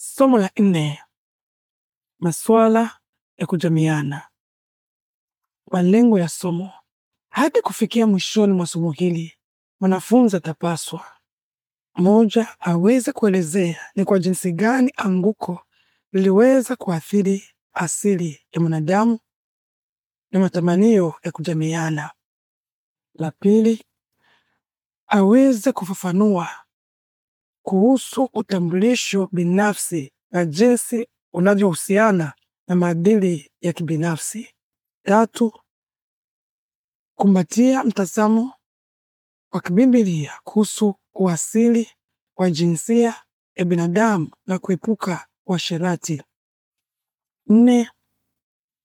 Somo la nne: masuala ya kujamiana. Malengo ya somo: hadi kufikia mwishoni mwa somo hili, mwanafunzi atapaswa: moja, aweze kuelezea ni kwa jinsi gani anguko liliweza kuathiri asili ya mwanadamu na matamanio ya kujamiana La pili, aweze kufafanua kuhusu utambulisho binafsi na jinsi unavyohusiana na maadili ya kibinafsi. Tatu, kumbatia mtazamo wa kibiblia kuhusu uasili wa jinsia ya binadamu na kuepuka uasherati. Nne,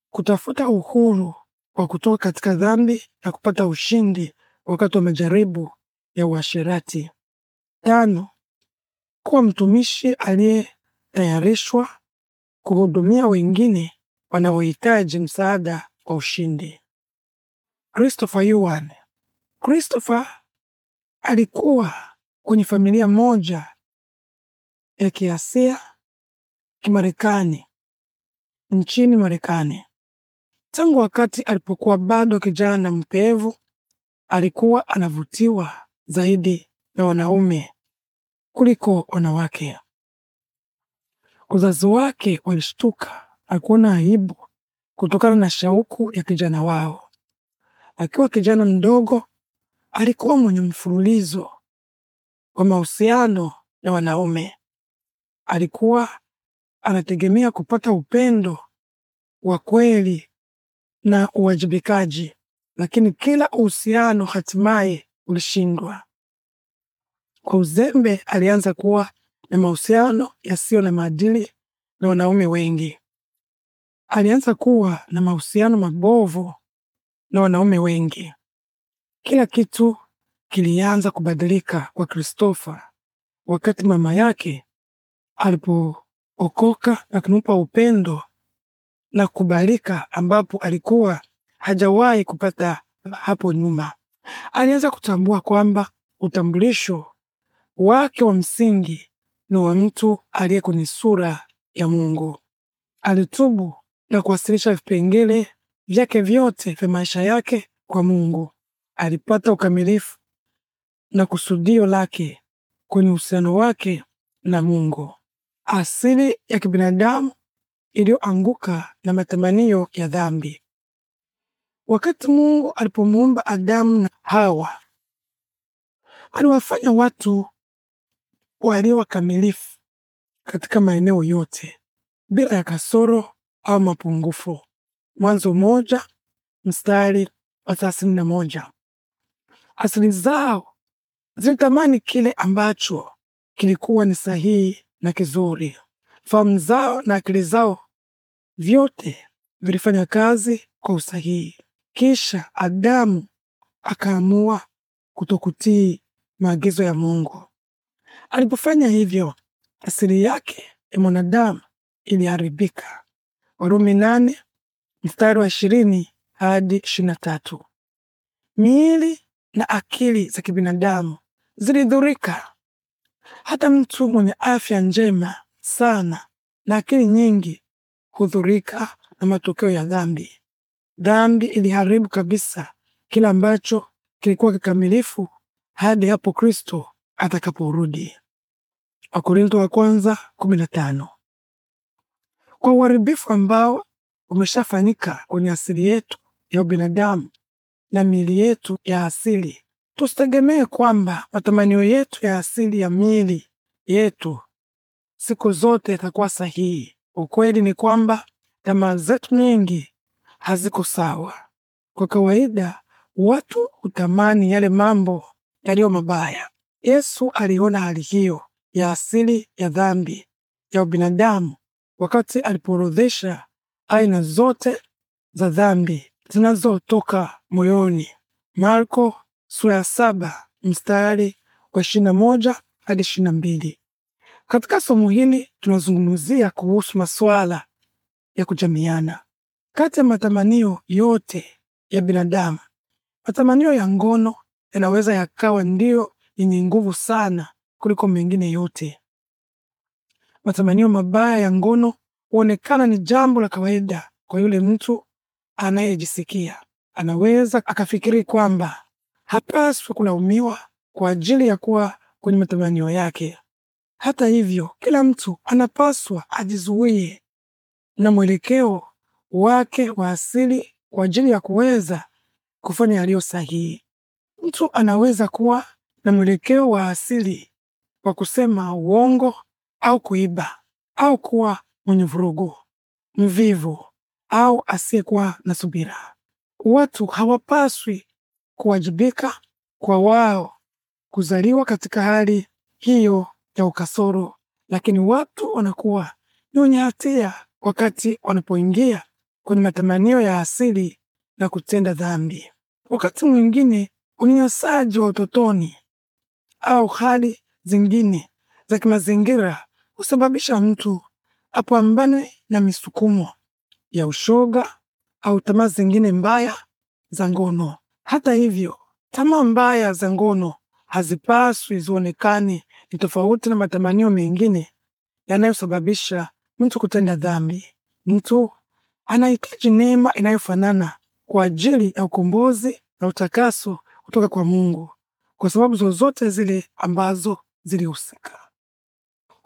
kutafuta uhuru wa kutoka katika dhambi na kupata ushindi wakati wa majaribu ya uasherati. Tano, kuwa mtumishi aliyetayarishwa kuhudumia wengine wanaohitaji msaada kwa ushindi. Christopher Yuan. Christopher alikuwa kwenye familia moja ya Kiasia Kimarekani nchini Marekani. Tangu wakati alipokuwa bado kijana mpevu, alikuwa anavutiwa zaidi na wanaume kuliko wanawake. Wazazi wake walishtuka, hakuona aibu kutokana na shauku ya kijana wao. Akiwa kijana mdogo, alikuwa mwenye mfululizo wa mahusiano na wanaume. Alikuwa anategemea kupata upendo wa kweli na uwajibikaji, lakini kila uhusiano hatimaye ulishindwa. Kwa uzembe, alianza kuwa na mahusiano yasiyo na maadili na wanaume wengi. Alianza kuwa na mahusiano mabovu na wanaume wengi. Kila kitu kilianza kubadilika kwa Kristofa wakati mama yake alipookoka na kumpa upendo na kubalika ambapo alikuwa hajawahi kupata hapo nyuma. Alianza kutambua kwamba utambulisho wake wa msingi ni wa mtu aliye kwenye sura ya Mungu. Alitubu na kuwasilisha vipengele vyake vyote vya maisha yake kwa Mungu. Alipata ukamilifu na kusudio lake kwenye uhusiano wake na Mungu. Asili ya kibinadamu iliyoanguka na matamanio ya dhambi. Wakati Mungu alipomuumba Adamu na Hawa, aliwafanya watu walio wakamilifu katika maeneo yote bila ya kasoro au mapungufu. Mwanzo moja mstari wa thelathini na moja. Asili zao zilitamani kile ambacho kilikuwa ni sahihi na kizuri. Fahamu zao na akili zao vyote vilifanya kazi kwa usahihi. Kisha Adamu akaamua kutokutii maagizo ya Mungu. Alipofanya hivyo, asili yake ya mwanadamu iliharibika. Warumi nane mstari wa ishirini hadi ishirini na tatu. Miili na akili za kibinadamu zilidhurika. Hata mtu mwenye afya njema sana na akili nyingi hudhurika na matokeo ya dhambi. Dhambi iliharibu kabisa kila ambacho kilikuwa kikamilifu hadi hapo Kristo atakaporudi. Wakorintho wa kwanza 15. Kwa uharibifu ambao umeshafanyika kwenye asili yetu ya ubinadamu na miili yetu ya asili, tusitegemee kwamba matamanio yetu ya asili ya miili yetu siku zote yatakuwa sahihi. Ukweli ni kwamba tamaa zetu nyingi haziko sawa. Kwa kawaida watu hutamani yale mambo yaliyo mabaya. Yesu aliona hali hiyo ya asili ya dhambi ya ubinadamu wakati alipoorodhesha aina zote za dhambi zinazotoka moyoni. Marko sura ya saba mstari wa ishirini na moja hadi ishirini na mbili. Katika somo hili tunazungumzia kuhusu masuala ya kujamiana. Kati ya matamanio yote ya binadamu, matamanio ya ngono yanaweza yakawa ndiyo yenye nguvu sana kuliko mengine yote. Matamanio mabaya ya ngono huonekana ni jambo la kawaida kwa yule mtu anayejisikia. Anaweza akafikiri kwamba hapaswi kulaumiwa kwa ajili ya kuwa kwenye matamanio yake. Hata hivyo, kila mtu anapaswa ajizuie na mwelekeo wake wa asili kwa ajili ya kuweza kufanya yaliyo sahihi. Mtu anaweza kuwa na mwelekeo wa asili kwa kusema uongo au kuiba au kuwa mwenye vurugu, mvivu au asiyekuwa na subira. Watu hawapaswi kuwajibika kwa wao kuzaliwa katika hali hiyo ya ukasoro, lakini watu wanakuwa ni wenye hatia wakati wanapoingia kwenye matamanio ya asili na kutenda dhambi. Wakati mwingine unyanyasaji wa utotoni au hali zingine za kimazingira husababisha mtu apambane na misukumo ya ushoga au tamaa zingine mbaya za ngono. Hata hivyo, tamaa mbaya za ngono hazipaswi zionekane ni tofauti na matamanio mengine yanayosababisha mtu kutenda dhambi. Mtu anahitaji neema inayofanana kwa ajili ya ukombozi na utakaso kutoka kwa Mungu, kwa sababu zozote zile ambazo zilihusika.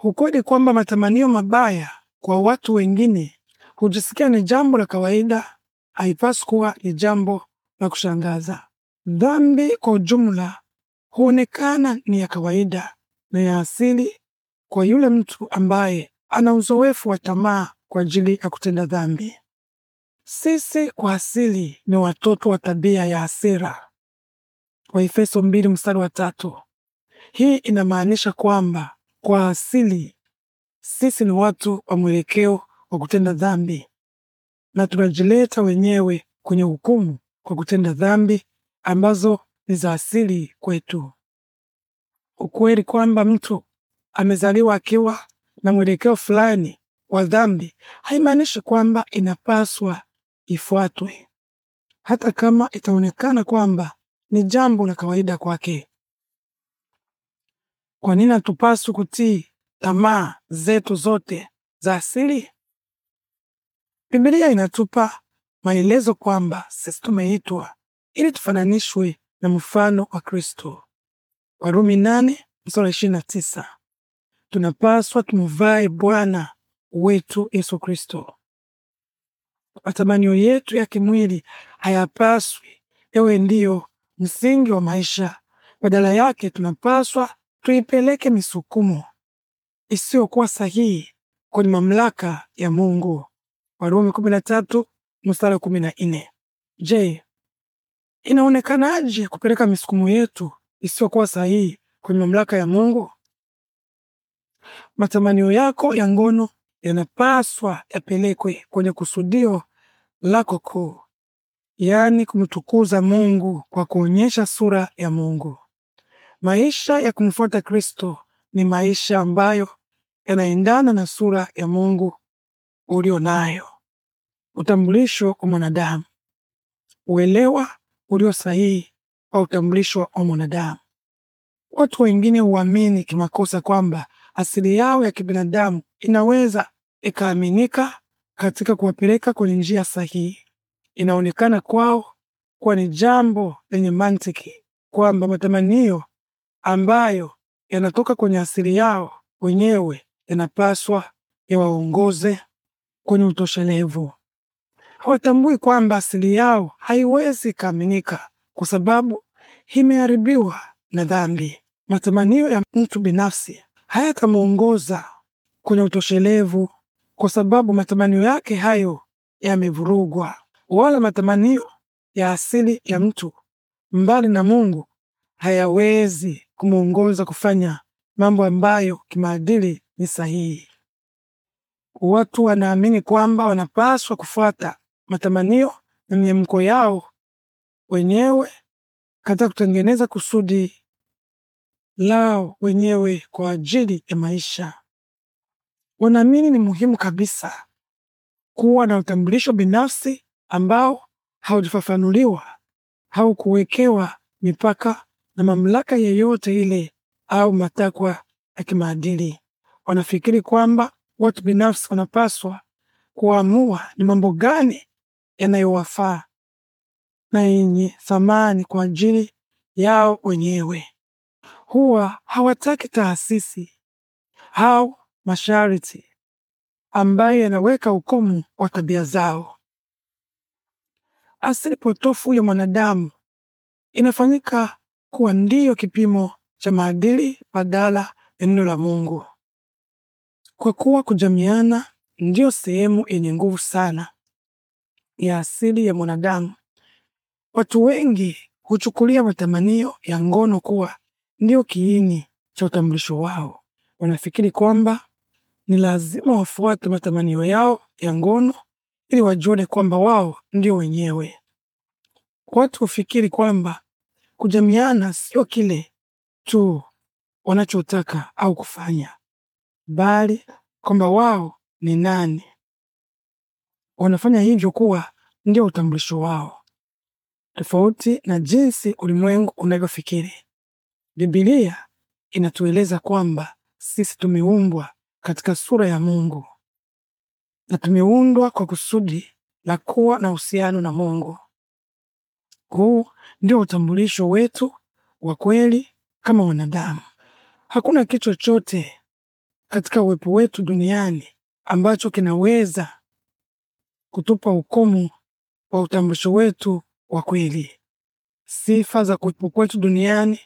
Ukweli kwamba matamanio mabaya kwa watu wengine hujisikia ni jambo la kawaida, haipaswi kuwa ni jambo la kushangaza. Dhambi kwa ujumla huonekana ni ya kawaida na ya asili kwa yule mtu ambaye ana uzoefu wa tamaa kwa ajili ya kutenda dhambi. Sisi kwa asili ni watoto wa tabia ya hasira, Waefeso mbili mstari wa tatu. Hii inamaanisha kwamba kwa asili sisi ni watu wa mwelekeo wa kutenda dhambi na tunajileta wenyewe kwenye hukumu kwa kutenda dhambi ambazo ni za asili kwetu. Ukweli kwamba mtu amezaliwa akiwa na mwelekeo fulani wa dhambi haimaanishi kwamba inapaswa ifuatwe, hata kama itaonekana kwamba ni jambo la kawaida kwake. Kwa nini hatupaswi kutii tamaa zetu zote za asili? Biblia inatupa maelezo kwamba sisi tumeitwa ili tufananishwe na mfano wa Kristo, Warumi nane na tisa. Tunapaswa tumvae Bwana wetu Yesu Kristo. Matamanio yetu ya kimwili hayapaswi yawe ndiyo msingi wa maisha. Badala yake tunapaswa tuipeleke misukumo isiyokuwa sahihi kwenye mamlaka ya Mungu. Warumi 13 mstari 14. Je, inaonekanaje kupeleka misukumo yetu isiyokuwa sahihi kwenye mamlaka ya Mungu? Matamanio yako ya ngono yanapaswa yapelekwe kwenye kusudio lako kuu, yaani kumtukuza Mungu kwa kuonyesha sura ya Mungu. Maisha ya kumfuata Kristo ni maisha ambayo yanaendana na sura ya Mungu ulio nayo, utambulisho kwa mwanadamu, uelewa ulio sahihi wa utambulisho wa mwanadamu. Watu wengine huamini kimakosa kwamba asili yao ya kibinadamu inaweza ikaaminika katika kuwapeleka kwenye njia sahihi. Inaonekana kwao kuwa ni jambo lenye mantiki kwamba matamanio ambayo yanatoka kwenye asili yao wenyewe yanapaswa yawaongoze kwenye utoshelevu. Hawatambui kwamba asili yao haiwezi kaaminika kwa sababu imeharibiwa na dhambi. Matamanio ya mtu binafsi hayatamwongoza kwenye utoshelevu kwa sababu matamanio yake hayo yamevurugwa, wala matamanio ya asili ya mtu mbali na Mungu hayawezi kumwongoza kufanya mambo ambayo kimaadili ni sahihi. Watu wanaamini kwamba wanapaswa kufuata matamanio na miamko yao wenyewe katika kutengeneza kusudi lao wenyewe kwa ajili ya maisha. Wanaamini ni muhimu kabisa kuwa na utambulisho binafsi ambao haujafafanuliwa au kuwekewa mipaka na mamlaka yeyote ile au matakwa ya kimaadili. Wanafikiri kwamba watu binafsi wanapaswa kuamua ni mambo gani yanayowafaa na yenye thamani kwa ajili yao wenyewe. Huwa hawataki taasisi au masharti ambayo yanaweka ukomu wa tabia zao. Asili potofu ya mwanadamu inafanyika kuwa ndiyo kipimo cha maadili badala ya neno la Mungu, kwa kuwa kujamiana ndiyo sehemu yenye nguvu sana ya asili ya mwanadamu. Watu wengi huchukulia matamanio ya ngono kuwa ndiyo kiini cha utambulisho wao. Wanafikiri kwamba ni lazima wafuate matamanio yao ya ngono ili wajione kwamba wao ndio wenyewe. Watu hufikiri kwamba Kujamiana sio kile tu wanachotaka au kufanya, bali kwamba wao ni nani. Wanafanya hivyo kuwa ndio utambulisho wao, tofauti na jinsi ulimwengu unavyofikiri. Biblia inatueleza kwamba sisi tumeumbwa katika sura ya Mungu na tumeundwa kwa kusudi la kuwa na uhusiano na Mungu. Huu ndio utambulisho wetu wa kweli kama wanadamu. Hakuna kitu chochote katika uwepo wetu duniani ambacho kinaweza kutupa ukomo wa utambulisho wetu wa kweli. Sifa za kuwepo kwetu duniani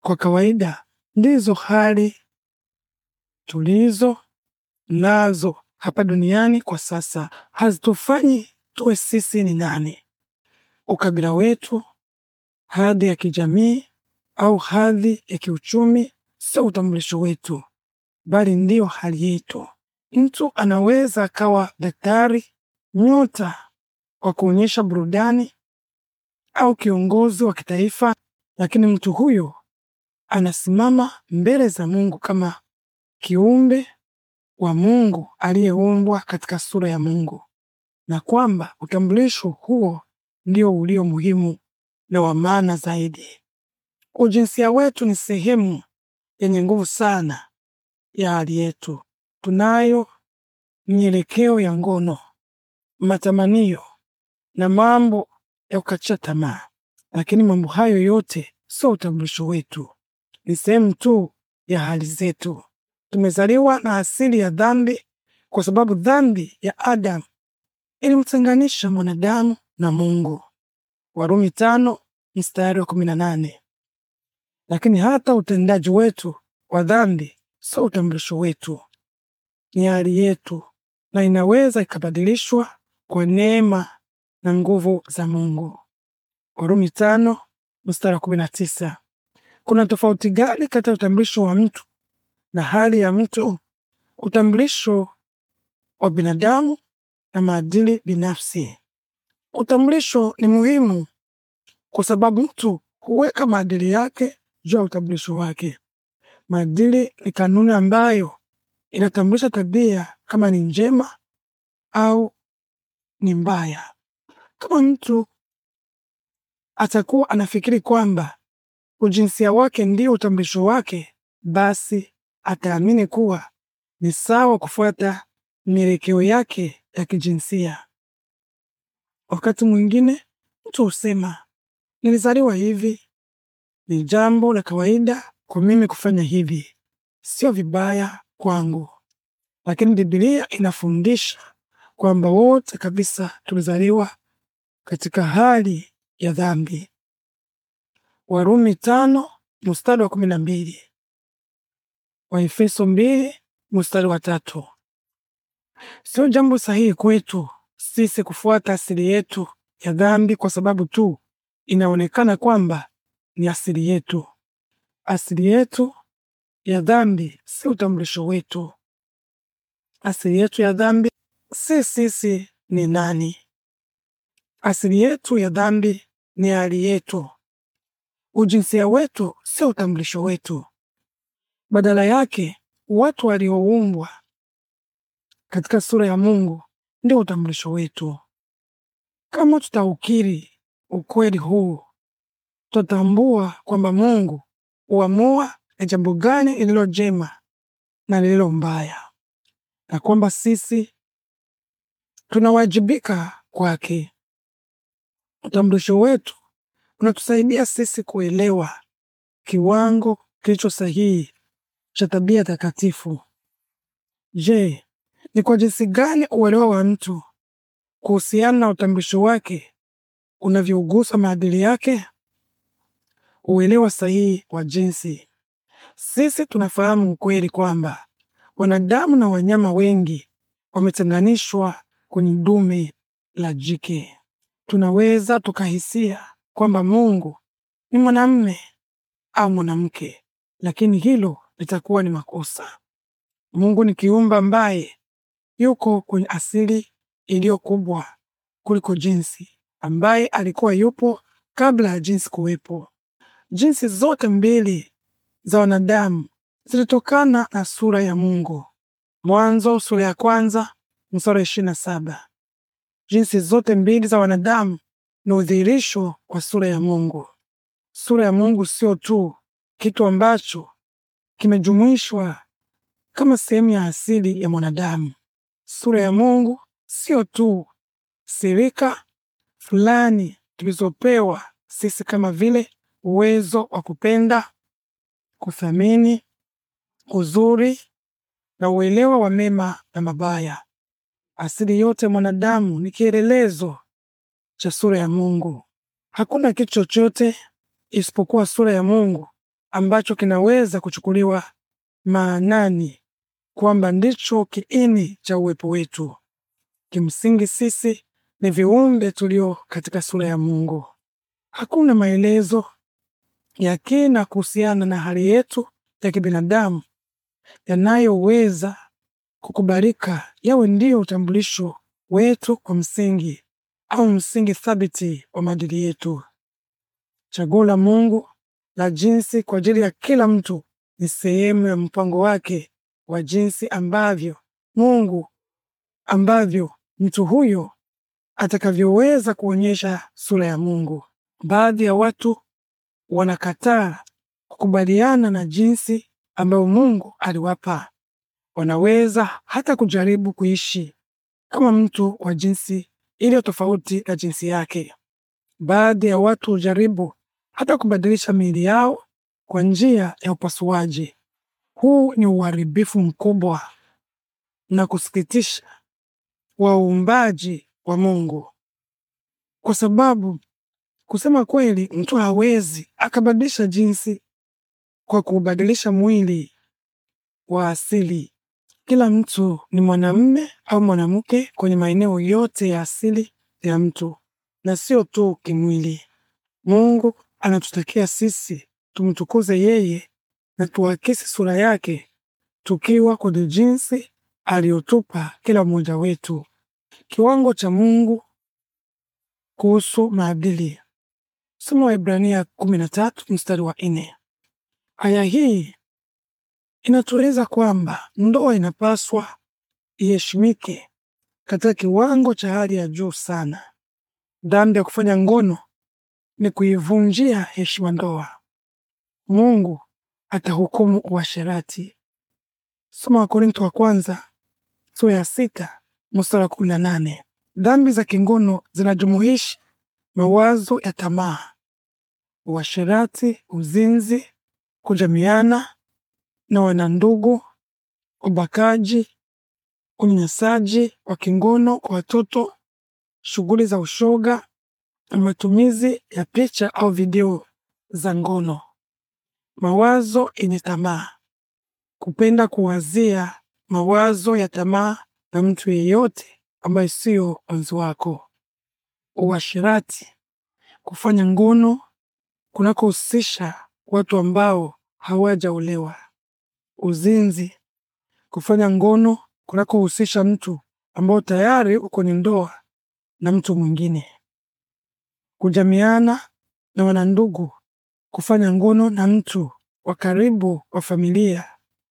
kwa kawaida ndizo hali tulizo nazo hapa duniani kwa sasa, hazitufanyi tuwe sisi ni nani. Ukabila wetu hadhi ya kijamii au hadhi ya kiuchumi sio utambulisho wetu, bali ndiyo hali yetu. Mtu anaweza akawa daktari, nyota kwa kuonyesha burudani, au kiongozi wa kitaifa, lakini mtu huyo anasimama mbele za Mungu kama kiumbe wa Mungu aliyeumbwa katika sura ya Mungu, na kwamba utambulisho huo ndio ulio muhimu na wa maana zaidi. Ujinsia wetu ni sehemu yenye nguvu sana ya hali yetu. Tunayo mielekeo ya ngono, matamanio na mambo ya kukatisha tamaa, lakini mambo hayo yote sio utambulisho wetu, ni sehemu tu ya hali zetu. Tumezaliwa na asili ya dhambi, kwa sababu dhambi ya Adamu ilimtenganisha mwanadamu na Mungu. Warumi tano mstari wa kumi na nane. Lakini hata utendaji wetu wa dhambi sio utambulisho wetu, ni hali yetu, na inaweza ikabadilishwa kwa neema na nguvu za Mungu. Warumi tano mstari wa kumi na tisa. Kuna tofauti gani kati ya utambulisho wa mtu na hali ya mtu, utambulisho wa binadamu na maadili binafsi? Utambulisho ni muhimu kwa sababu mtu huweka maadili yake juu ya utambulisho wake. Maadili ni kanuni ambayo inatambulisha tabia kama ni njema au ni mbaya. Kama mtu atakuwa anafikiri kwamba ujinsia wake ndio utambulisho wake, basi ataamini kuwa ni sawa kufuata mielekeo yake ya kijinsia. Wakati mwingine mtu husema nilizaliwa hivi. Ni jambo la kawaida kwa mimi kufanya hivi, sio vibaya kwangu. Lakini Biblia inafundisha kwamba wote kabisa tulizaliwa katika hali ya dhambi. Warumi tano mstari wa kumi na mbili Waefeso mbili mstari wa tatu. Sio jambo sahihi kwetu sisi kufuata asili yetu ya dhambi kwa sababu tu inaonekana kwamba ni asili yetu. Asili yetu ya dhambi si utambulisho wetu. Asili yetu ya dhambi si sisi ni nani. Asili yetu ya dhambi ni hali yetu. Ujinsia wetu si utambulisho wetu. Badala yake, watu walioumbwa katika sura ya Mungu ndio utambulisho wetu. Kama tutaukiri ukweli huu, tutatambua kwamba Mungu huamua ni jambo gani lililo jema na lililo mbaya, na kwamba sisi tunawajibika kwake. Utambulisho wetu unatusaidia sisi kuelewa kiwango kilicho sahihi cha tabia takatifu. Je, ni kwa jinsi gani uelewa wa mtu kuhusiana na utambulisho wake unavyougusa maadili yake? Uelewa sahihi wa jinsi. Sisi tunafahamu ukweli kwamba wanadamu na wanyama wengi wametenganishwa kwenye dume la jike. Tunaweza tukahisia kwamba Mungu ni mwanamume au mwanamke, lakini hilo litakuwa ni makosa. Mungu ni kiumbe ambaye yuko kwenye asili iliyo kubwa kuliko jinsi ambaye alikuwa yupo kabla ya jinsi kuwepo. Jinsi zote mbili za wanadamu zilitokana na sura ya Mungu. Mwanzo sura ya kwanza mstari ishirini na saba. Jinsi zote mbili za wanadamu ni udhihirisho kwa sura ya Mungu. Sura ya Mungu sio tu kitu ambacho kimejumuishwa kama sehemu ya asili ya mwanadamu, sura ya Mungu sio tu sirika fulani tulizopewa sisi kama vile uwezo wa kupenda, kuthamini uzuri na uelewa wa mema na mabaya. Asili yote mwanadamu ni kielelezo cha sura ya Mungu. Hakuna kitu chochote isipokuwa sura ya Mungu ambacho kinaweza kuchukuliwa maanani kwamba ndicho kiini cha uwepo wetu. Kimsingi sisi ni viumbe tulio katika sura ya Mungu. Hakuna maelezo ya kina kuhusiana na hali yetu ya kibinadamu yanayoweza kukubalika yawe ndiyo utambulisho wetu kwa msingi au msingi thabiti wa maadili yetu. Chaguo la Mungu la jinsi kwa ajili ya kila mtu ni sehemu ya mpango wake wa jinsi ambavyo Mungu ambavyo mtu huyo atakavyoweza kuonyesha sura ya Mungu. Baadhi ya watu wanakataa kukubaliana na jinsi ambayo Mungu aliwapa. Wanaweza hata kujaribu kuishi kama mtu wa jinsi iliyo tofauti na jinsi yake. Baadhi ya watu hujaribu hata kubadilisha miili yao kwa njia ya upasuaji. Huu ni uharibifu mkubwa na kusikitisha wa uumbaji wa Mungu, kwa sababu kusema kweli, mtu hawezi akabadilisha jinsi kwa kubadilisha mwili wa asili. Kila mtu ni mwanamume au mwanamke kwenye maeneo yote ya asili ya mtu, na sio tu kimwili. Mungu anatutakia sisi tumtukuze yeye na tuakisi sura yake tukiwa kwenye jinsi aliyotupa kila mmoja wetu. Kiwango cha Mungu kuhusu maadili. Somo la Ibrania 13 mstari wa 4. Aya hii inatueleza kwamba ndoa inapaswa iheshimike katika kiwango cha hali ya juu sana. Dhambi ya kufanya ngono ni kuivunjia heshima ndoa. Mungu atahukumu uasherati. Soma Wakorintho wa kwanza sura ya sita mstari wa kumi na nane. Dhambi za kingono zinajumuisha mawazo ya tamaa, uasherati, uzinzi, kujamiana na wanandugu, ubakaji, unyanyasaji wa kingono kwa watoto, shughuli za ushoga na matumizi ya picha au video za ngono mawazo yenye tamaa, kupenda kuwazia mawazo ya tamaa na mtu yeyote ambaye siyo mwenzi wako. Uasherati, kufanya ngono kunakohusisha watu ambao hawajaolewa. Uzinzi, kufanya ngono kunakohusisha mtu ambao tayari uko ni ndoa na mtu mwingine. Kujamiana na wanandugu kufanya ngono na mtu wa karibu wa familia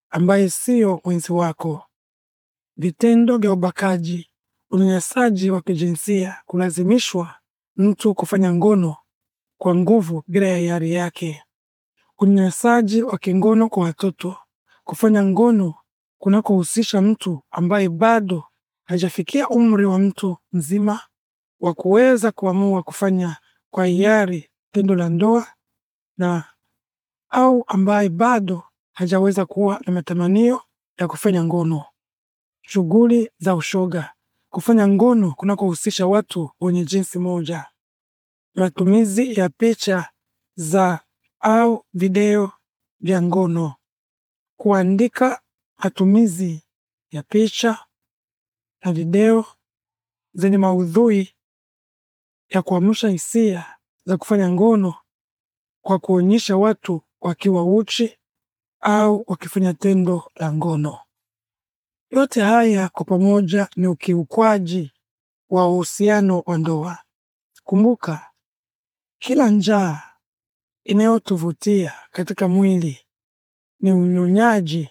ambaye siyo mwenzi wako. Vitendo vya ubakaji, unyanyasaji wa kijinsia, kulazimishwa mtu kufanya ngono kwa nguvu bila ya hiari yake, unyanyasaji wa kingono kwa watoto, kufanya ngono kunakohusisha mtu ambaye bado hajafikia umri wa mtu mzima wa kuweza kuamua kufanya kwa hiari tendo la ndoa na au ambaye bado hajaweza kuwa na matamanio ya kufanya ngono. Shughuli za ushoga: kufanya ngono kunakohusisha watu wenye jinsi moja. Matumizi ya picha za au video vya ngono: kuandika matumizi ya picha na video zenye maudhui ya kuamsha hisia za kufanya ngono kwa kuonyesha watu wakiwa uchi au wakifanya tendo la ngono. Yote haya kwa pamoja ni ukiukwaji wa uhusiano wa ndoa. Kumbuka, kila njaa inayotuvutia katika mwili ni unyonyaji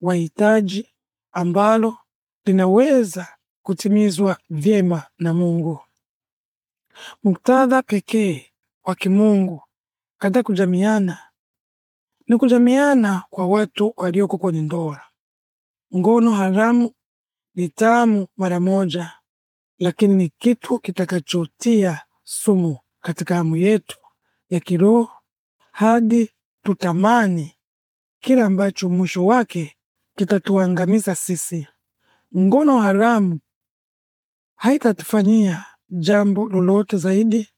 wa hitaji ambalo linaweza kutimizwa vyema na Mungu. Muktadha pekee wa kimungu katika kujamiana ni kujamiana kwa watu walioko kwenye ndoa. Ngono haramu ni tamu mara moja, lakini ni kitu kitakachotia sumu katika hamu yetu ya kiroho hadi tutamani kila ambacho mwisho wake kitatuangamiza sisi. Ngono haramu haitatufanyia jambo lolote zaidi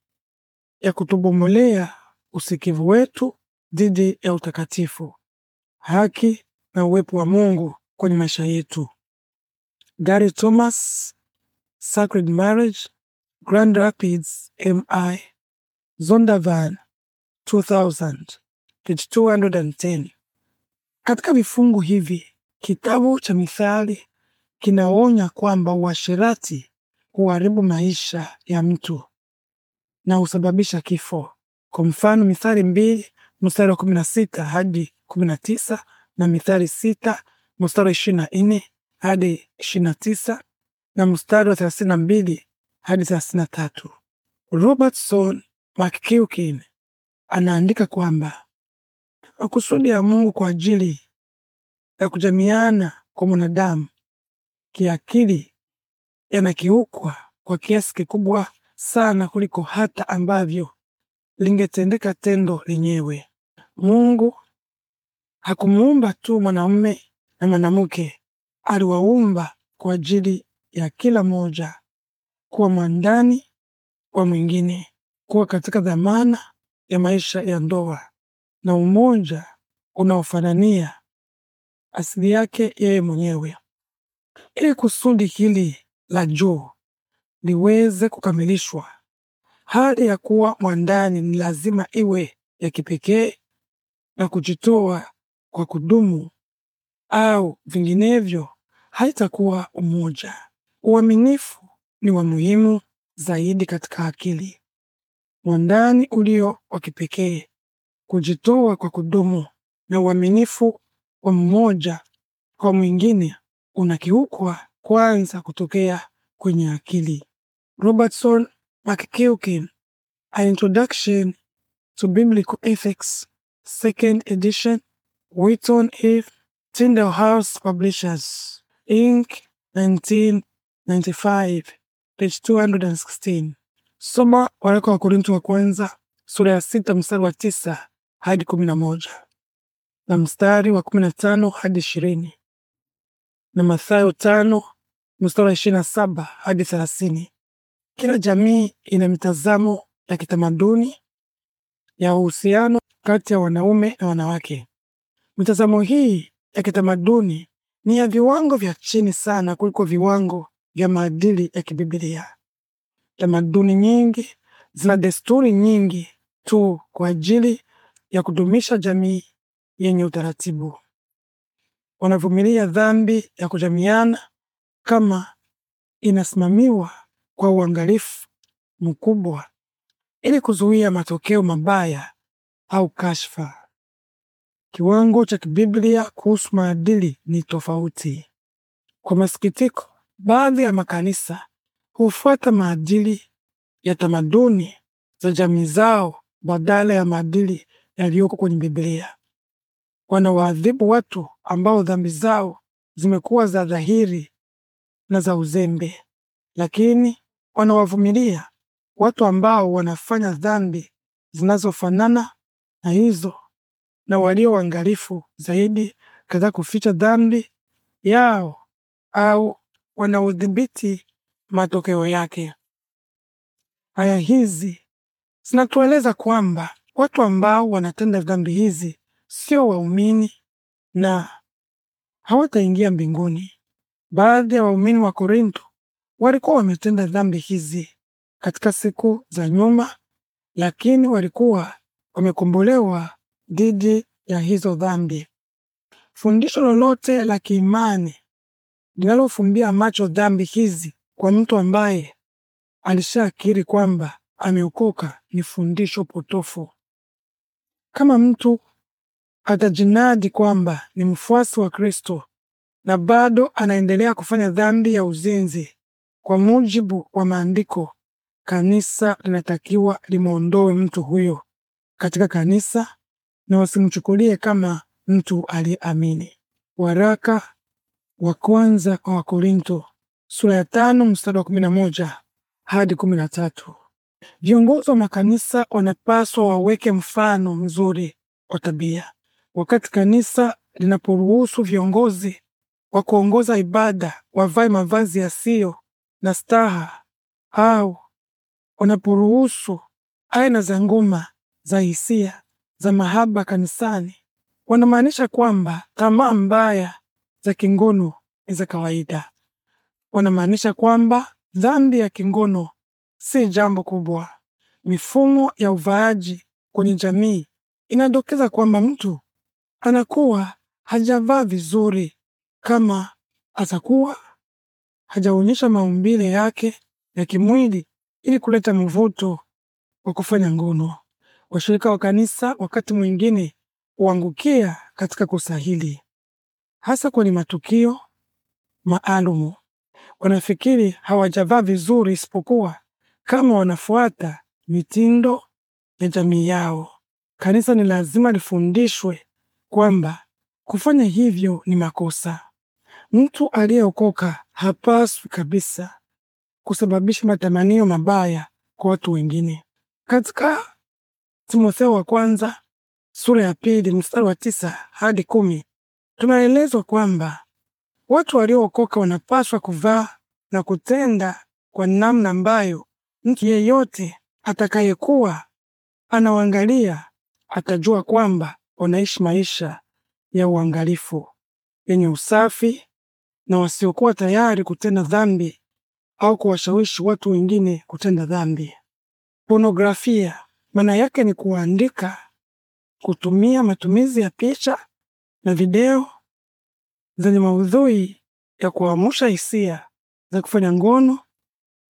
ya kutubomolea usikivu wetu dhidi ya utakatifu, haki na uwepo wa Mungu kwenye maisha yetu. Gary Thomas, Sacred Marriage, Grand Rapids, MI, Zondervan 2000, page 210. Katika vifungu hivi kitabu cha Mithali kinaonya kwamba uasherati huharibu maisha ya mtu na husababisha kifo. Kwa mfano Mithali mbili mstari wa kumi na sita hadi kumi na tisa na Mithali sita mstari wa ishirini na nne hadi ishirini na tisa na mstari wa thelathini na mbili hadi thelathini na tatu. Robertson McKilkin anaandika kwamba makusudi ya Mungu kwa ajili ya kujamiana kwa mwanadamu kiakili yanakiukwa kwa kiasi kikubwa sana kuliko hata ambavyo lingetendeka tendo lenyewe. Mungu hakumuumba tu mwanamume na mwanamke, aliwaumba kwa ajili ya kila moja kuwa mwandani wa mwingine, kuwa katika dhamana ya maisha ya ndoa na umoja unaofanania asili yake yeye mwenyewe, ili kusudi hili la juu liweze kukamilishwa hali ya kuwa mwandani ndani ni lazima iwe ya kipekee na kujitoa kwa kudumu, au vinginevyo haitakuwa umoja. Uaminifu ni wa muhimu zaidi katika akili wa ndani ulio wa kipekee. Kujitoa kwa kudumu na uaminifu wa mmoja kwa mwingine unakiukwa kwanza kutokea kwenye akili. Robertson Kilkin, An Introduction to Biblical Ethics, second edition, Wheaton F. Tyndale House Publishers, Inc., 1995, page 216. Soma waraka wa Korinto wa kwanza sura ya sita mstari wa tisa hadi kumi na moja na mstari wa kumi na tano hadi ishirini na Mathayo tano mstari wa ishirini na saba hadi thelathini. Kila jamii ina mitazamo ya kitamaduni ya uhusiano kati ya wanaume na wanawake. Mitazamo hii ya kitamaduni ni ya viwango vya chini sana kuliko viwango vya maadili ya kibibilia. Tamaduni nyingi zina desturi nyingi tu kwa ajili ya kudumisha jamii yenye utaratibu. Wanavumilia dhambi ya kujamiana kama inasimamiwa kwa uangalifu mkubwa ili kuzuia matokeo mabaya au kashfa. Kiwango cha kibiblia kuhusu maadili ni tofauti. Kwa masikitiko, baadhi ya makanisa hufuata maadili ya tamaduni za jamii zao badala ya maadili yaliyoko kwenye Biblia. Wanawaadhibu watu ambao dhambi zao zimekuwa za dhahiri na za uzembe, lakini wanawavumilia watu ambao wanafanya dhambi zinazofanana na hizo na walio wangalifu zaidi katika kuficha dhambi yao au wanaudhibiti matokeo yake. Aya hizi zinatueleza kwamba watu ambao wanatenda dhambi hizi sio waumini na hawataingia mbinguni. Baadhi ya waumini wa Korinto walikuwa wametenda dhambi hizi katika siku za nyuma, lakini walikuwa wamekombolewa dhidi ya hizo dhambi. Fundisho lolote la kiimani linalofumbia macho dhambi hizi kwa mtu ambaye alishakiri kwamba ameokoka ni fundisho potofu. Kama mtu atajinadi kwamba ni mfuasi wa Kristo na bado anaendelea kufanya dhambi ya uzinzi kwa mujibu wa maandiko, kanisa linatakiwa limwondoe mtu huyo katika kanisa na wasimchukulie kama mtu aliyeamini. Waraka wa kwanza wa Wakorinto sura ya tano mstari wa kumi na moja hadi kumi na tatu. Viongozi wa makanisa wanapaswa waweke mfano mzuri wa tabia. Wakati kanisa linaporuhusu viongozi wa kuongoza ibada wavae mavazi yasiyo na staha au wanaporuhusu aina za ngoma za hisia za mahaba kanisani, wanamaanisha kwamba tamaa mbaya za kingono ni za kawaida. Wanamaanisha kwamba dhambi ya kingono si jambo kubwa. Mifumo ya uvaaji kwenye jamii inadokeza kwamba mtu anakuwa hajavaa vizuri kama atakuwa hajaonyesha maumbile yake ya kimwili ili kuleta mvuto wa kufanya ngono. Washirika wa kanisa wakati mwingine huangukia katika kosa hili, hasa kwenye matukio maalumu. Wanafikiri hawajavaa vizuri, isipokuwa kama wanafuata mitindo ya jamii yao. Kanisa ni lazima lifundishwe kwamba kufanya hivyo ni makosa. Mtu aliyeokoka hapaswi kabisa kusababisha matamanio mabaya kwa watu wengine. Katika Timotheo wa kwanza sura ya pili mstari wa tisa hadi kumi tunaelezwa kwamba watu waliookoka wanapaswa kuvaa na kutenda kwa namna ambayo mtu yeyote atakayekuwa anawaangalia atajua kwamba wanaishi maisha ya uangalifu yenye usafi na wasiokuwa tayari kutenda dhambi au kuwashawishi watu wengine kutenda dhambi. Ponografia maana yake ni kuandika, kutumia matumizi ya picha na video zenye maudhui ya kuamsha hisia za kufanya ngono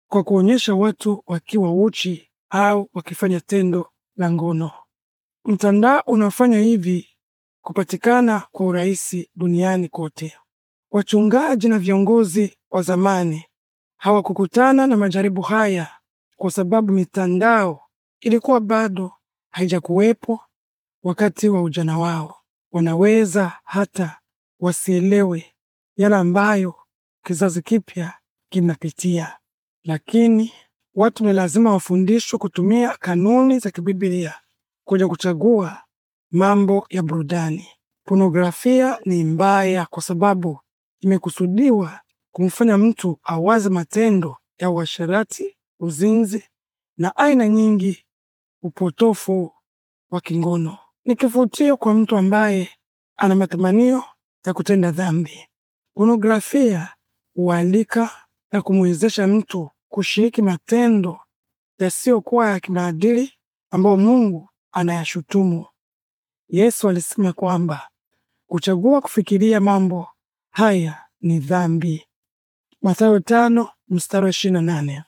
kwa kuonyesha watu wakiwa uchi au wakifanya tendo la ngono. Mtandao unafanya hivi kupatikana kwa urahisi duniani kote. Wachungaji na viongozi wa zamani hawakukutana na majaribu haya kwa sababu mitandao ilikuwa bado haijakuwepo wakati wa ujana wao. Wanaweza hata wasielewe yale ambayo kizazi kipya kinapitia, lakini watu ni lazima wafundishwe kutumia kanuni za kibiblia kuja kuchagua mambo ya burudani. Pornografia ni mbaya kwa sababu imekusudiwa kumfanya mtu awaze matendo ya uasherati, uzinzi na aina nyingi upotofu wa kingono. Ni kivutio kwa mtu ambaye ana matamanio ya kutenda dhambi. Pornografia hualika na kumwezesha mtu kushiriki matendo yasiyokuwa ya kimaadili ambayo Mungu anayashutumu. Yesu alisema kwamba kuchagua kufikiria mambo haya ni dhambi. Mathayo tano mstari wa ishirini na nane.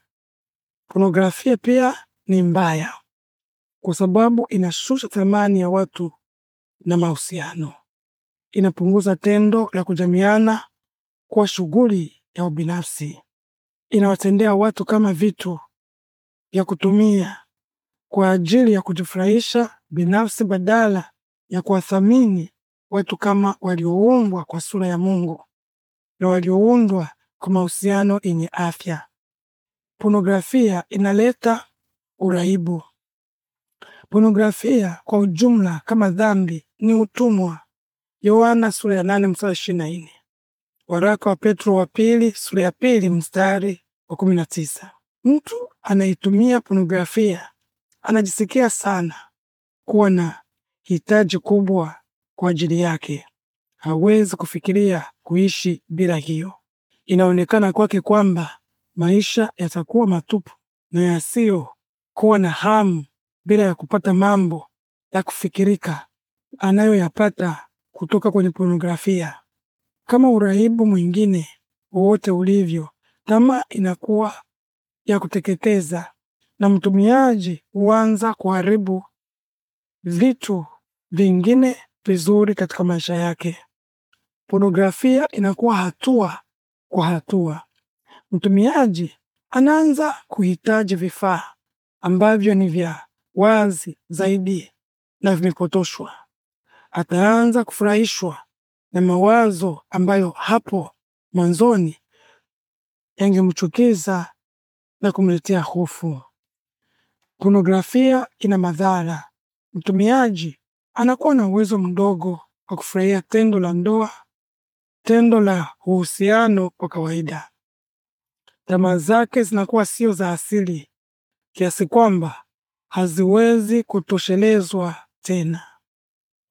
Pornografia pia ni mbaya kwa sababu inashusha thamani ya watu na mahusiano, inapunguza tendo la kujamiana kwa shughuli ya ubinafsi, inawatendea watu kama vitu vya kutumia kwa ajili ya kujifurahisha binafsi badala ya kuwathamini watu kama walioumbwa kwa sura ya Mungu na walioundwa kwa mahusiano yenye afya. Pornografia inaleta uraibu. Pornografia kwa ujumla kama dhambi ni utumwa. Yohana sura ya nane mstari ishirini na nne. Waraka wa Petro wa pili sura ya pili mstari wa kumi na tisa. Mtu anayetumia pornografia anajisikia sana kuwa na hitaji kubwa kwa ajili yake. Hawezi kufikiria kuishi bila hiyo. Inaonekana kwake kwamba maisha yatakuwa matupu na yasiyo kuwa na hamu bila ya kupata mambo ya kufikirika anayoyapata kutoka kwenye pornografia. Kama urahibu mwingine wowote ulivyo, tamaa inakuwa ya kuteketeza na mtumiaji huanza kuharibu vitu vingine vizuri katika maisha yake. Pornografia inakuwa hatua kwa hatua. Mtumiaji anaanza kuhitaji vifaa ambavyo ni vya wazi zaidi na vimepotoshwa. Ataanza kufurahishwa na mawazo ambayo hapo mwanzoni yangemchukiza na kumletea hofu. Pornografia ina madhara. Mtumiaji anakuwa na uwezo mdogo wa kufurahia tendo la ndoa, tendo la uhusiano kwa kawaida. Tamaa zake zinakuwa sio za asili kiasi kwamba haziwezi kutoshelezwa tena.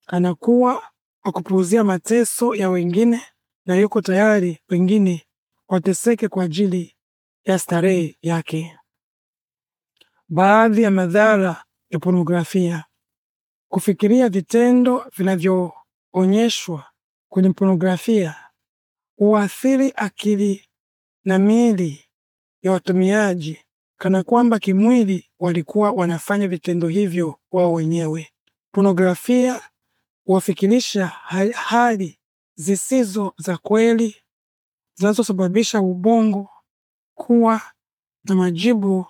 Anakuwa wa kupuuzia mateso ya wengine na yuko tayari wengine wateseke kwa ajili ya starehe yake. Baadhi ya madhara ya pornografia: kufikiria vitendo vinavyoonyeshwa kwenye pornografia huathiri akili na miili ya watumiaji kana kwamba kimwili walikuwa wanafanya vitendo hivyo wao wenyewe. Pornografia huwafikirisha hali zisizo za kweli zinazosababisha ubongo kuwa na majibu